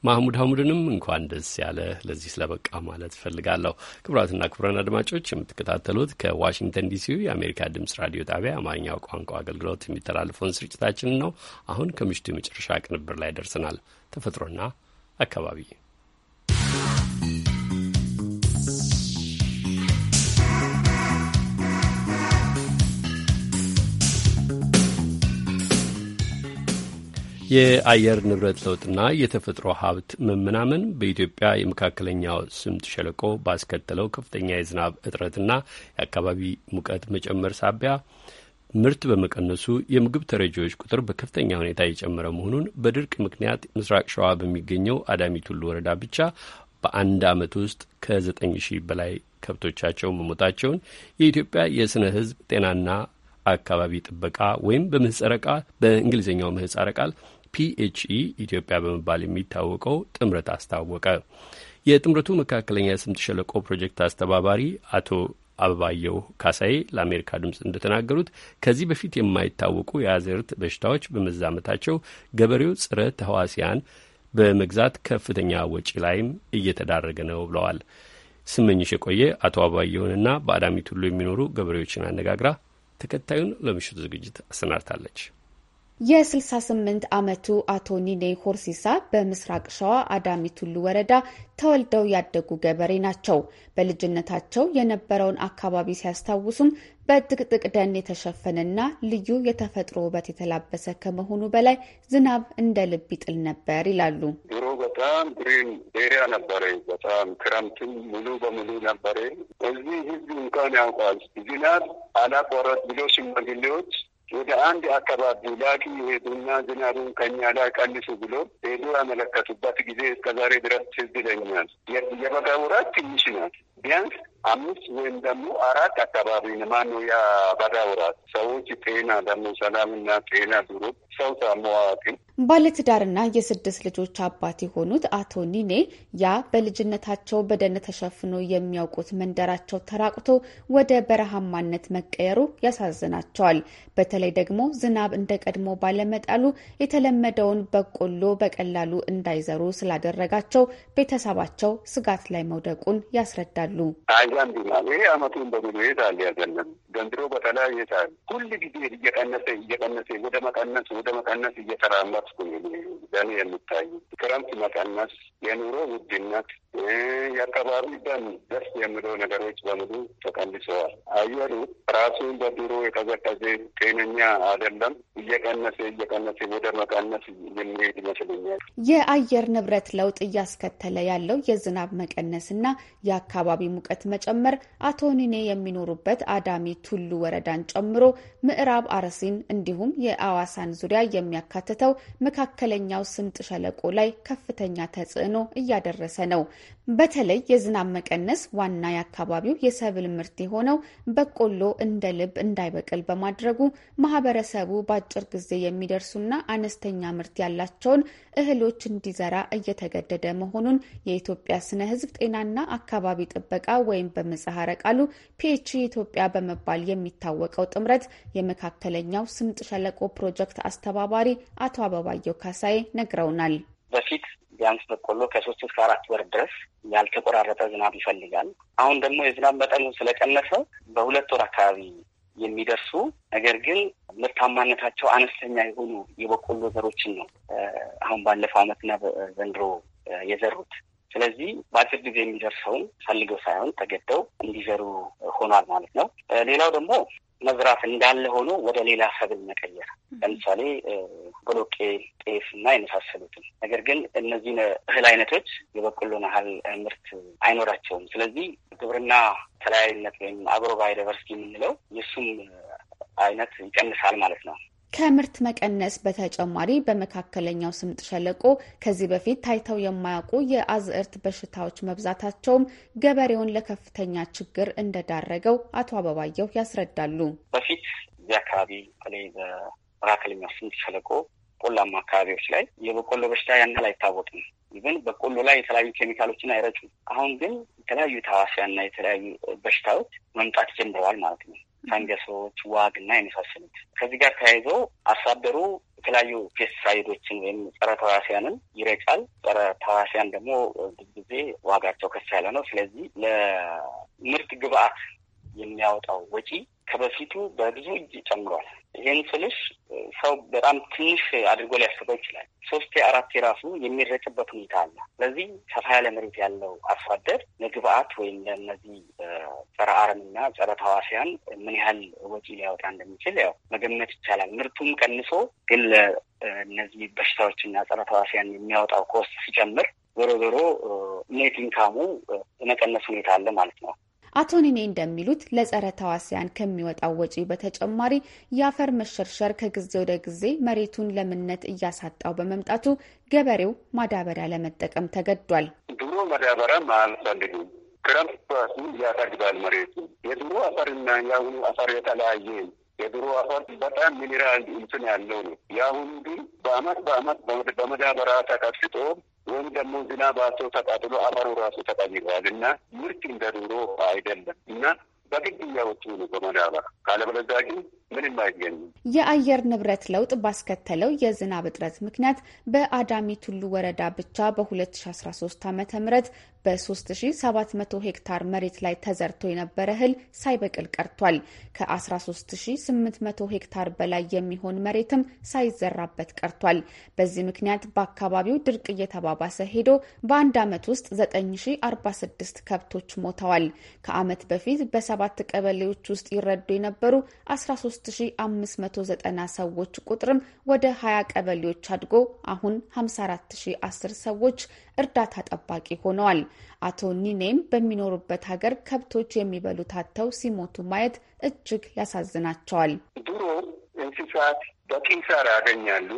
ማህሙድ ሀሙድንም እንኳን ደስ ያለ ለዚህ ስለበቃ ማለት እፈልጋለሁ። ክቡራትና ክቡራን አድማጮች የምትከታተሉት ከዋሽንግተን ዲሲው የአሜሪካ ድምጽ ራዲዮ ጣቢያ አማርኛው ቋንቋ አገልግሎት የሚተላልፈውን ስርጭታችንን ነው። አሁን ከምሽቱ የመጨረሻ ቅንብር ላይ ደርሰናል። ተፈጥሮና አካባቢ የአየር ንብረት ለውጥና የተፈጥሮ ሀብት መመናመን በኢትዮጵያ የመካከለኛው ስምጥ ሸለቆ ባስከተለው ከፍተኛ የዝናብ እጥረትና የአካባቢ ሙቀት መጨመር ሳቢያ ምርት በመቀነሱ የምግብ ተረጂዎች ቁጥር በከፍተኛ ሁኔታ የጨመረ መሆኑን በድርቅ ምክንያት ምስራቅ ሸዋ በሚገኘው አዳሚ ቱሉ ወረዳ ብቻ በአንድ ዓመት ውስጥ ከ9 ሺህ በላይ ከብቶቻቸው መሞታቸውን የኢትዮጵያ የስነ ህዝብ ጤናና አካባቢ ጥበቃ ወይም በምህጸረ ቃል በእንግሊዝኛው ምህጻረ ቃል ፒኤችኢ ኢትዮጵያ በመባል የሚታወቀው ጥምረት አስታወቀ። የጥምረቱ መካከለኛ ስምጥ ሸለቆ ፕሮጀክት አስተባባሪ አቶ አበባየው ካሳዬ ለአሜሪካ ድምፅ እንደተናገሩት ከዚህ በፊት የማይታወቁ የአዝርት በሽታዎች በመዛመታቸው ገበሬው ጸረ ተህዋሲያን በመግዛት ከፍተኛ ወጪ ላይም እየተዳረገ ነው ብለዋል። ስመኝሽ የቆየ አቶ አበባየውንና በአዳሚት ሁሉ የሚኖሩ ገበሬዎችን አነጋግራ ተከታዩን ለምሽቱ ዝግጅት አሰናድታለች። የ68 ዓመቱ አቶ ኒኔ ሆርሲሳ በምስራቅ ሸዋ አዳሚ ቱሉ ወረዳ ተወልደው ያደጉ ገበሬ ናቸው። በልጅነታቸው የነበረውን አካባቢ ሲያስታውሱም በጥቅጥቅ ደን የተሸፈነና ልዩ የተፈጥሮ ውበት የተላበሰ ከመሆኑ በላይ ዝናብ እንደ ልብ ይጥል ነበር ይላሉ። ድሮ በጣም ግሪን ኤሪያ ነበረ። በጣም ክረምትም ሙሉ በሙሉ ነበረ። እዚህ ህዝብ እንኳን ያውቋል። ዝናብ አላቆረት ብሎ ሽማግሌዎች ወደ አንድ አካባቢ ላኪ ሄዱና ዝናቡን ከኛ ላይ ቀንሱ ብሎ ሄዱ ያመለከቱበት ጊዜ እስከ ዛሬ ድረስ ትዝ ይለኛል። የበጋ ወራት ትንሽ ናት። ቢያንስ አምስት ወይም ደግሞ አራት አካባቢ ማን ነው ያ ወራት ሰዎች ጤና ደግሞ ሰላምና ጤና ድሮ ሰው ሳመዋቂ ባለትዳርና የስድስት ልጆች አባት የሆኑት አቶ ኒኔ ያ በልጅነታቸው በደን ተሸፍኖ የሚያውቁት መንደራቸው ተራቁቶ ወደ በረሃማነት መቀየሩ ያሳዝናቸዋል። በተለይ ደግሞ ዝናብ እንደ ቀድሞ ባለመጣሉ የተለመደውን በቆሎ በቀላሉ እንዳይዘሩ ስላደረጋቸው ቤተሰባቸው ስጋት ላይ መውደቁን ያስረዳሉ። አመቱን በሙሉ ይዛል ያዘለም ዘንድሮ በተለያየ ሁል ጊዜ እየቀነሰ እየቀነሰ ወደ መቀነስ ወደ መቀነስ እየተራመደ that's the, the በየቀኑ የሚታዩ ክረምት መቀነስ፣ የኑሮ ውድነት፣ የአካባቢ ደን ደስ የሚለው ነገሮች በሙሉ ተቀንሰዋል። አየሩ ራሱን በድሮ የቀዘቀዘ ጤነኛ አይደለም። እየቀነሰ እየቀነሰ ወደ መቀነስ የሚሄድ ይመስለኛል። የአየር ንብረት ለውጥ እያስከተለ ያለው የዝናብ መቀነስና የአካባቢ ሙቀት መጨመር አቶ ኒኔ የሚኖሩበት አዳሚ ቱሉ ወረዳን ጨምሮ ምዕራብ አርሲን እንዲሁም የአዋሳን ዙሪያ የሚያካትተው መካከለኛው ስምጥ ሸለቆ ላይ ከፍተኛ ተጽዕኖ እያደረሰ ነው። በተለይ የዝናብ መቀነስ ዋና የአካባቢው የሰብል ምርት የሆነው በቆሎ እንደ ልብ እንዳይበቅል በማድረጉ ማህበረሰቡ በአጭር ጊዜ የሚደርሱና አነስተኛ ምርት ያላቸውን እህሎች እንዲዘራ እየተገደደ መሆኑን የኢትዮጵያ ስነ ሕዝብ ጤናና አካባቢ ጥበቃ ወይም በምህጻረ ቃሉ ፒኤች ኢትዮጵያ በመባል የሚታወቀው ጥምረት የመካከለኛው ስምጥ ሸለቆ ፕሮጀክት አስተባባሪ አቶ አበባየው ካሳዬ ነግረውናል። በፊት ቢያንስ በቆሎ ከሶስት እስከ አራት ወር ድረስ ያልተቆራረጠ ዝናብ ይፈልጋል። አሁን ደግሞ የዝናብ መጠኑ ስለቀነሰ በሁለት ወር አካባቢ የሚደርሱ ነገር ግን ምርታማነታቸው አነስተኛ የሆኑ የበቆሎ ዘሮችን ነው አሁን ባለፈው ዓመትና ዘንድሮ የዘሩት። ስለዚህ በአጭር ጊዜ የሚደርሰውን ፈልገው ሳይሆን ተገደው እንዲዘሩ ሆኗል ማለት ነው። ሌላው ደግሞ መዝራት እንዳለ ሆኖ ወደ ሌላ ሰብል መቀየር ለምሳሌ ቦሎቄ፣ ጤፍ እና የመሳሰሉትን። ነገር ግን እነዚህ እህል አይነቶች የበቆሎን ያህል ምርት አይኖራቸውም። ስለዚህ ግብርና ተለያዩነት ወይም አግሮ ባዮዳይቨርሲቲ የምንለው የእሱም አይነት ይቀንሳል ማለት ነው። ከምርት መቀነስ በተጨማሪ በመካከለኛው ስምጥ ሸለቆ ከዚህ በፊት ታይተው የማያውቁ የአዝእርት በሽታዎች መብዛታቸውም ገበሬውን ለከፍተኛ ችግር እንደዳረገው አቶ አበባየሁ ያስረዳሉ። በፊት እዚህ አካባቢ በተለይ በመካከለኛው ስምጥ ሸለቆ ቆላማ አካባቢዎች ላይ የበቆሎ በሽታ ያን ያህል አይታወቅም። ግን በቆሎ ላይ የተለያዩ ኬሚካሎችን አይረጩም። አሁን ግን የተለያዩ ታዋሲያና የተለያዩ በሽታዎች መምጣት ጀምረዋል ማለት ነው። መንገሶች፣ ዋግ እና የመሳሰሉት ከዚህ ጋር ተያይዞ አሳደሩ የተለያዩ ፔስቲሳይዶችን ወይም ጸረ ተዋሲያንን ይረጫል። ጸረ ተዋሲያን ደግሞ ብዙ ጊዜ ዋጋቸው ከስ ያለ ነው። ስለዚህ ለምርት ግብአት የሚያወጣው ወጪ ከበፊቱ በብዙ እጅ ጨምሯል። ይህን ስልሽ ሰው በጣም ትንሽ አድርጎ ሊያስበው ይችላል። ሶስቴ አራቴ ራሱ የሚረጭበት ሁኔታ አለ። ስለዚህ ሰፋ ያለ መሬት ያለው አርሶ አደር ለግብአት ወይም ለእነዚህ ጸረ አረምና ጸረ ተዋሲያን ምን ያህል ወጪ ሊያወጣ እንደሚችል ያው መገመት ይቻላል። ምርቱም ቀንሶ ግን ለእነዚህ በሽታዎችና ጸረ ተዋሲያን የሚያወጣው ኮስት ሲጨምር ዞሮ ዞሮ ኔት ኢንካሙ የመቀነስ ሁኔታ አለ ማለት ነው። አቶ ኒኔ እንደሚሉት ለጸረ ተዋሲያን ከሚወጣው ወጪ በተጨማሪ የአፈር መሸርሸር ከጊዜ ወደ ጊዜ መሬቱን ለምነት እያሳጣው በመምጣቱ ገበሬው ማዳበሪያ ለመጠቀም ተገዷል። ድሮ ማዳበሪያ አልፈልግም ክረምት እያሳድጋል መሬቱ የድሮ አፈርና የአሁኑ አፈር የተለያየ የድሮ አፈር በጣም ሚኒራል እንትን ያለው ነው። የአሁኑ ግን በአመት በአመት በመዳበራ ተቀስጦ ወይም ደግሞ ዝናብ አቶ ተቃጥሎ አፈሩ ራሱ ተቀይረዋል እና ምርት እንደ ድሮ አይደለም እና በግድ እያወጡ ነው በመዳበራ ካለበለዚያ ግን ምንም አይገኝም። የአየር ንብረት ለውጥ ባስከተለው የዝናብ እጥረት ምክንያት በአዳሚ ቱሉ ወረዳ ብቻ በ2013 ዓ ም በ3700 ሄክታር መሬት ላይ ተዘርቶ የነበረ እህል ሳይበቅል ቀርቷል። ከ13800 ሄክታር በላይ የሚሆን መሬትም ሳይዘራበት ቀርቷል። በዚህ ምክንያት በአካባቢው ድርቅ እየተባባሰ ሄዶ በአንድ ዓመት ውስጥ 9046 ከብቶች ሞተዋል። ከዓመት በፊት በሰባት ቀበሌዎች ውስጥ ይረዱ የነበሩ 13590 ሰዎች ቁጥርም ወደ 20 ቀበሌዎች አድጎ አሁን 54010 ሰዎች እርዳታ ጠባቂ ሆነዋል። አቶ ኒኔም በሚኖሩበት ሀገር ከብቶች የሚበሉ ታተው ሲሞቱ ማየት እጅግ ያሳዝናቸዋል። ድሮ እንስሳት በቂ ሳር ያገኛሉ።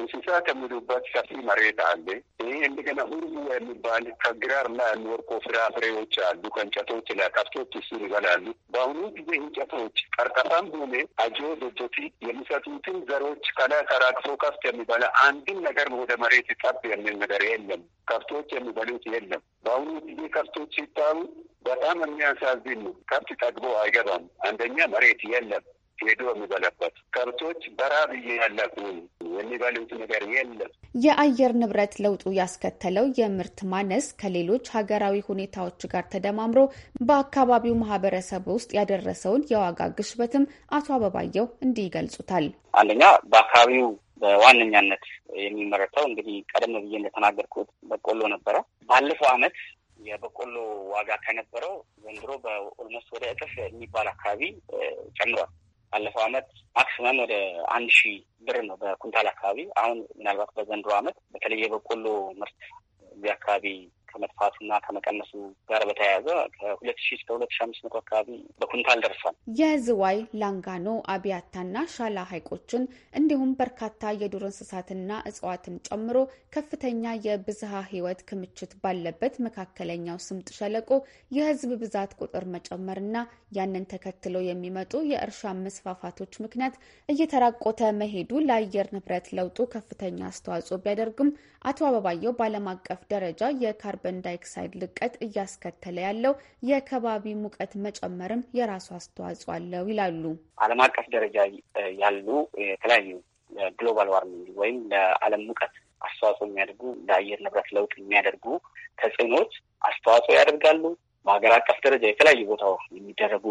እንስሳ ከሚሉበት ሰፊ መሬት አለ። ይህ እንደገና ሁሉ የሚባል ከግራር የሚወርቆ ፍራፍሬዎች አሉ። ከእንጨቶች ላይ ከብቶች ይበላሉ። በአሁኑ ጊዜ እንጨቶች ቀርቀፋም ሆነ አጆ ዘጆቲ የሚሰጡትን ዘሮች ከላይ ተራግፎ ከብት የሚበላ አንድም ነገር ወደ መሬት ጠብ የሚል ነገር የለም። ከብቶች የሚበሉት የለም። በአሁኑ ጊዜ ከብቶች ሲታዩ በጣም የሚያሳዝን ነው። ከብት ጠግቦ አይገባም። አንደኛ መሬት የለም። ሄዶ የሚበላበት ከብቶች በራብ እያለቁ የሚበሉት ነገር የለም። የአየር ንብረት ለውጡ ያስከተለው የምርት ማነስ ከሌሎች ሀገራዊ ሁኔታዎች ጋር ተደማምሮ በአካባቢው ማህበረሰብ ውስጥ ያደረሰውን የዋጋ ግሽበትም አቶ አበባየው እንዲህ ይገልጹታል። አንደኛ በአካባቢው በዋነኛነት የሚመረተው እንግዲህ ቀደም ብዬ እንደተናገርኩት በቆሎ ነበረ። ባለፈው አመት የበቆሎ ዋጋ ከነበረው ዘንድሮ በኦልሞስት ወደ እጥፍ የሚባል አካባቢ ጨምሯል። ባለፈው አመት ማክሲመም ወደ አንድ ሺ ብር ነው በኩንታል አካባቢ። አሁን ምናልባት በዘንድሮ አመት በተለይ የበቆሎ ምርት እዚህ አካባቢ ከመጥፋቱና ከመቀነሱ ጋር በተያያዘ ከሁለት ሺ እስከ ሁለት ሺ አምስት መቶ አካባቢ በኩንታል ደርሷል። የዝዋይ ላንጋኖ፣ አብያታና ሻላ ሐይቆችን እንዲሁም በርካታ የዱር እንስሳትና እጽዋትን ጨምሮ ከፍተኛ የብዝሃ ህይወት ክምችት ባለበት መካከለኛው ስምጥ ሸለቆ የህዝብ ብዛት ቁጥር መጨመርና ያንን ተከትሎ የሚመጡ የእርሻ መስፋፋቶች ምክንያት እየተራቆተ መሄዱ ለአየር ንብረት ለውጡ ከፍተኛ አስተዋጽኦ ቢያደርግም አቶ አበባየው በዓለም አቀፍ ደረጃ የካርበ ካርበን ዳይኦክሳይድ ልቀት እያስከተለ ያለው የከባቢ ሙቀት መጨመርም የራሱ አስተዋጽኦ አለው ይላሉ። ዓለም አቀፍ ደረጃ ያሉ የተለያዩ ግሎባል ዋርሚንግ ወይም ለዓለም ሙቀት አስተዋጽኦ የሚያደርጉ ለአየር ንብረት ለውጥ የሚያደርጉ ተጽዕኖዎች አስተዋጽኦ ያደርጋሉ። በሀገር አቀፍ ደረጃ የተለያዩ ቦታዎች የሚደረጉ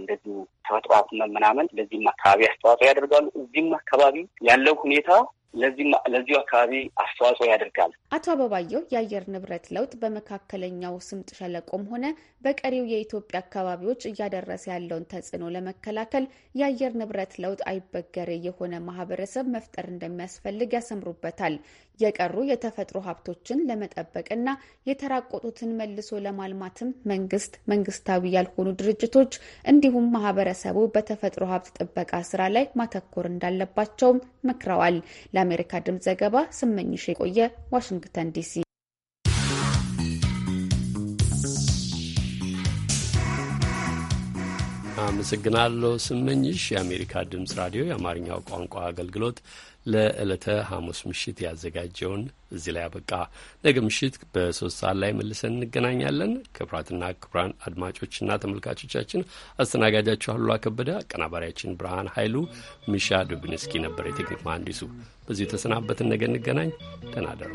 እንደዚሁ ተፈጥሮ መመናመን ለዚህም አካባቢ አስተዋጽኦ ያደርጋሉ። እዚህም አካባቢ ያለው ሁኔታ ለዚሁ አካባቢ አስተዋጽኦ ያደርጋል። አቶ አበባየው የአየር ንብረት ለውጥ በመካከለኛው ስምጥ ሸለቆም ሆነ በቀሪው የኢትዮጵያ አካባቢዎች እያደረሰ ያለውን ተጽዕኖ ለመከላከል የአየር ንብረት ለውጥ አይበገሬ የሆነ ማህበረሰብ መፍጠር እንደሚያስፈልግ ያሰምሩበታል። የቀሩ የተፈጥሮ ሀብቶችን ለመጠበቅና የተራቆጡትን መልሶ ለማልማትም መንግስት፣ መንግስታዊ ያልሆኑ ድርጅቶች እንዲሁም ማህበረሰቡ በተፈጥሮ ሀብት ጥበቃ ስራ ላይ ማተኮር እንዳለባቸውም መክረዋል። ለአሜሪካ ድምፅ ዘገባ ስመኝሽ የቆየ ዋሽንግተን ዲሲ። አመሰግናለሁ ስመኝሽ። የአሜሪካ ድምፅ ራዲዮ የአማርኛው ቋንቋ አገልግሎት ለዕለተ ሐሙስ ምሽት ያዘጋጀውን እዚህ ላይ አበቃ። ነገ ምሽት በሶስት ሰዓት ላይ መልሰን እንገናኛለን። ክቡራትና ክቡራን አድማጮችና ተመልካቾቻችን አስተናጋጃችሁ አሉላ ከበደ፣ አቀናባሪያችን ብርሃን ኃይሉ፣ ሚሻ ዱብንስኪ ነበር የቴክኒክ መሐንዲሱ። በዚሁ ተሰናበትን። ነገ እንገናኝ። ደህና እደሩ።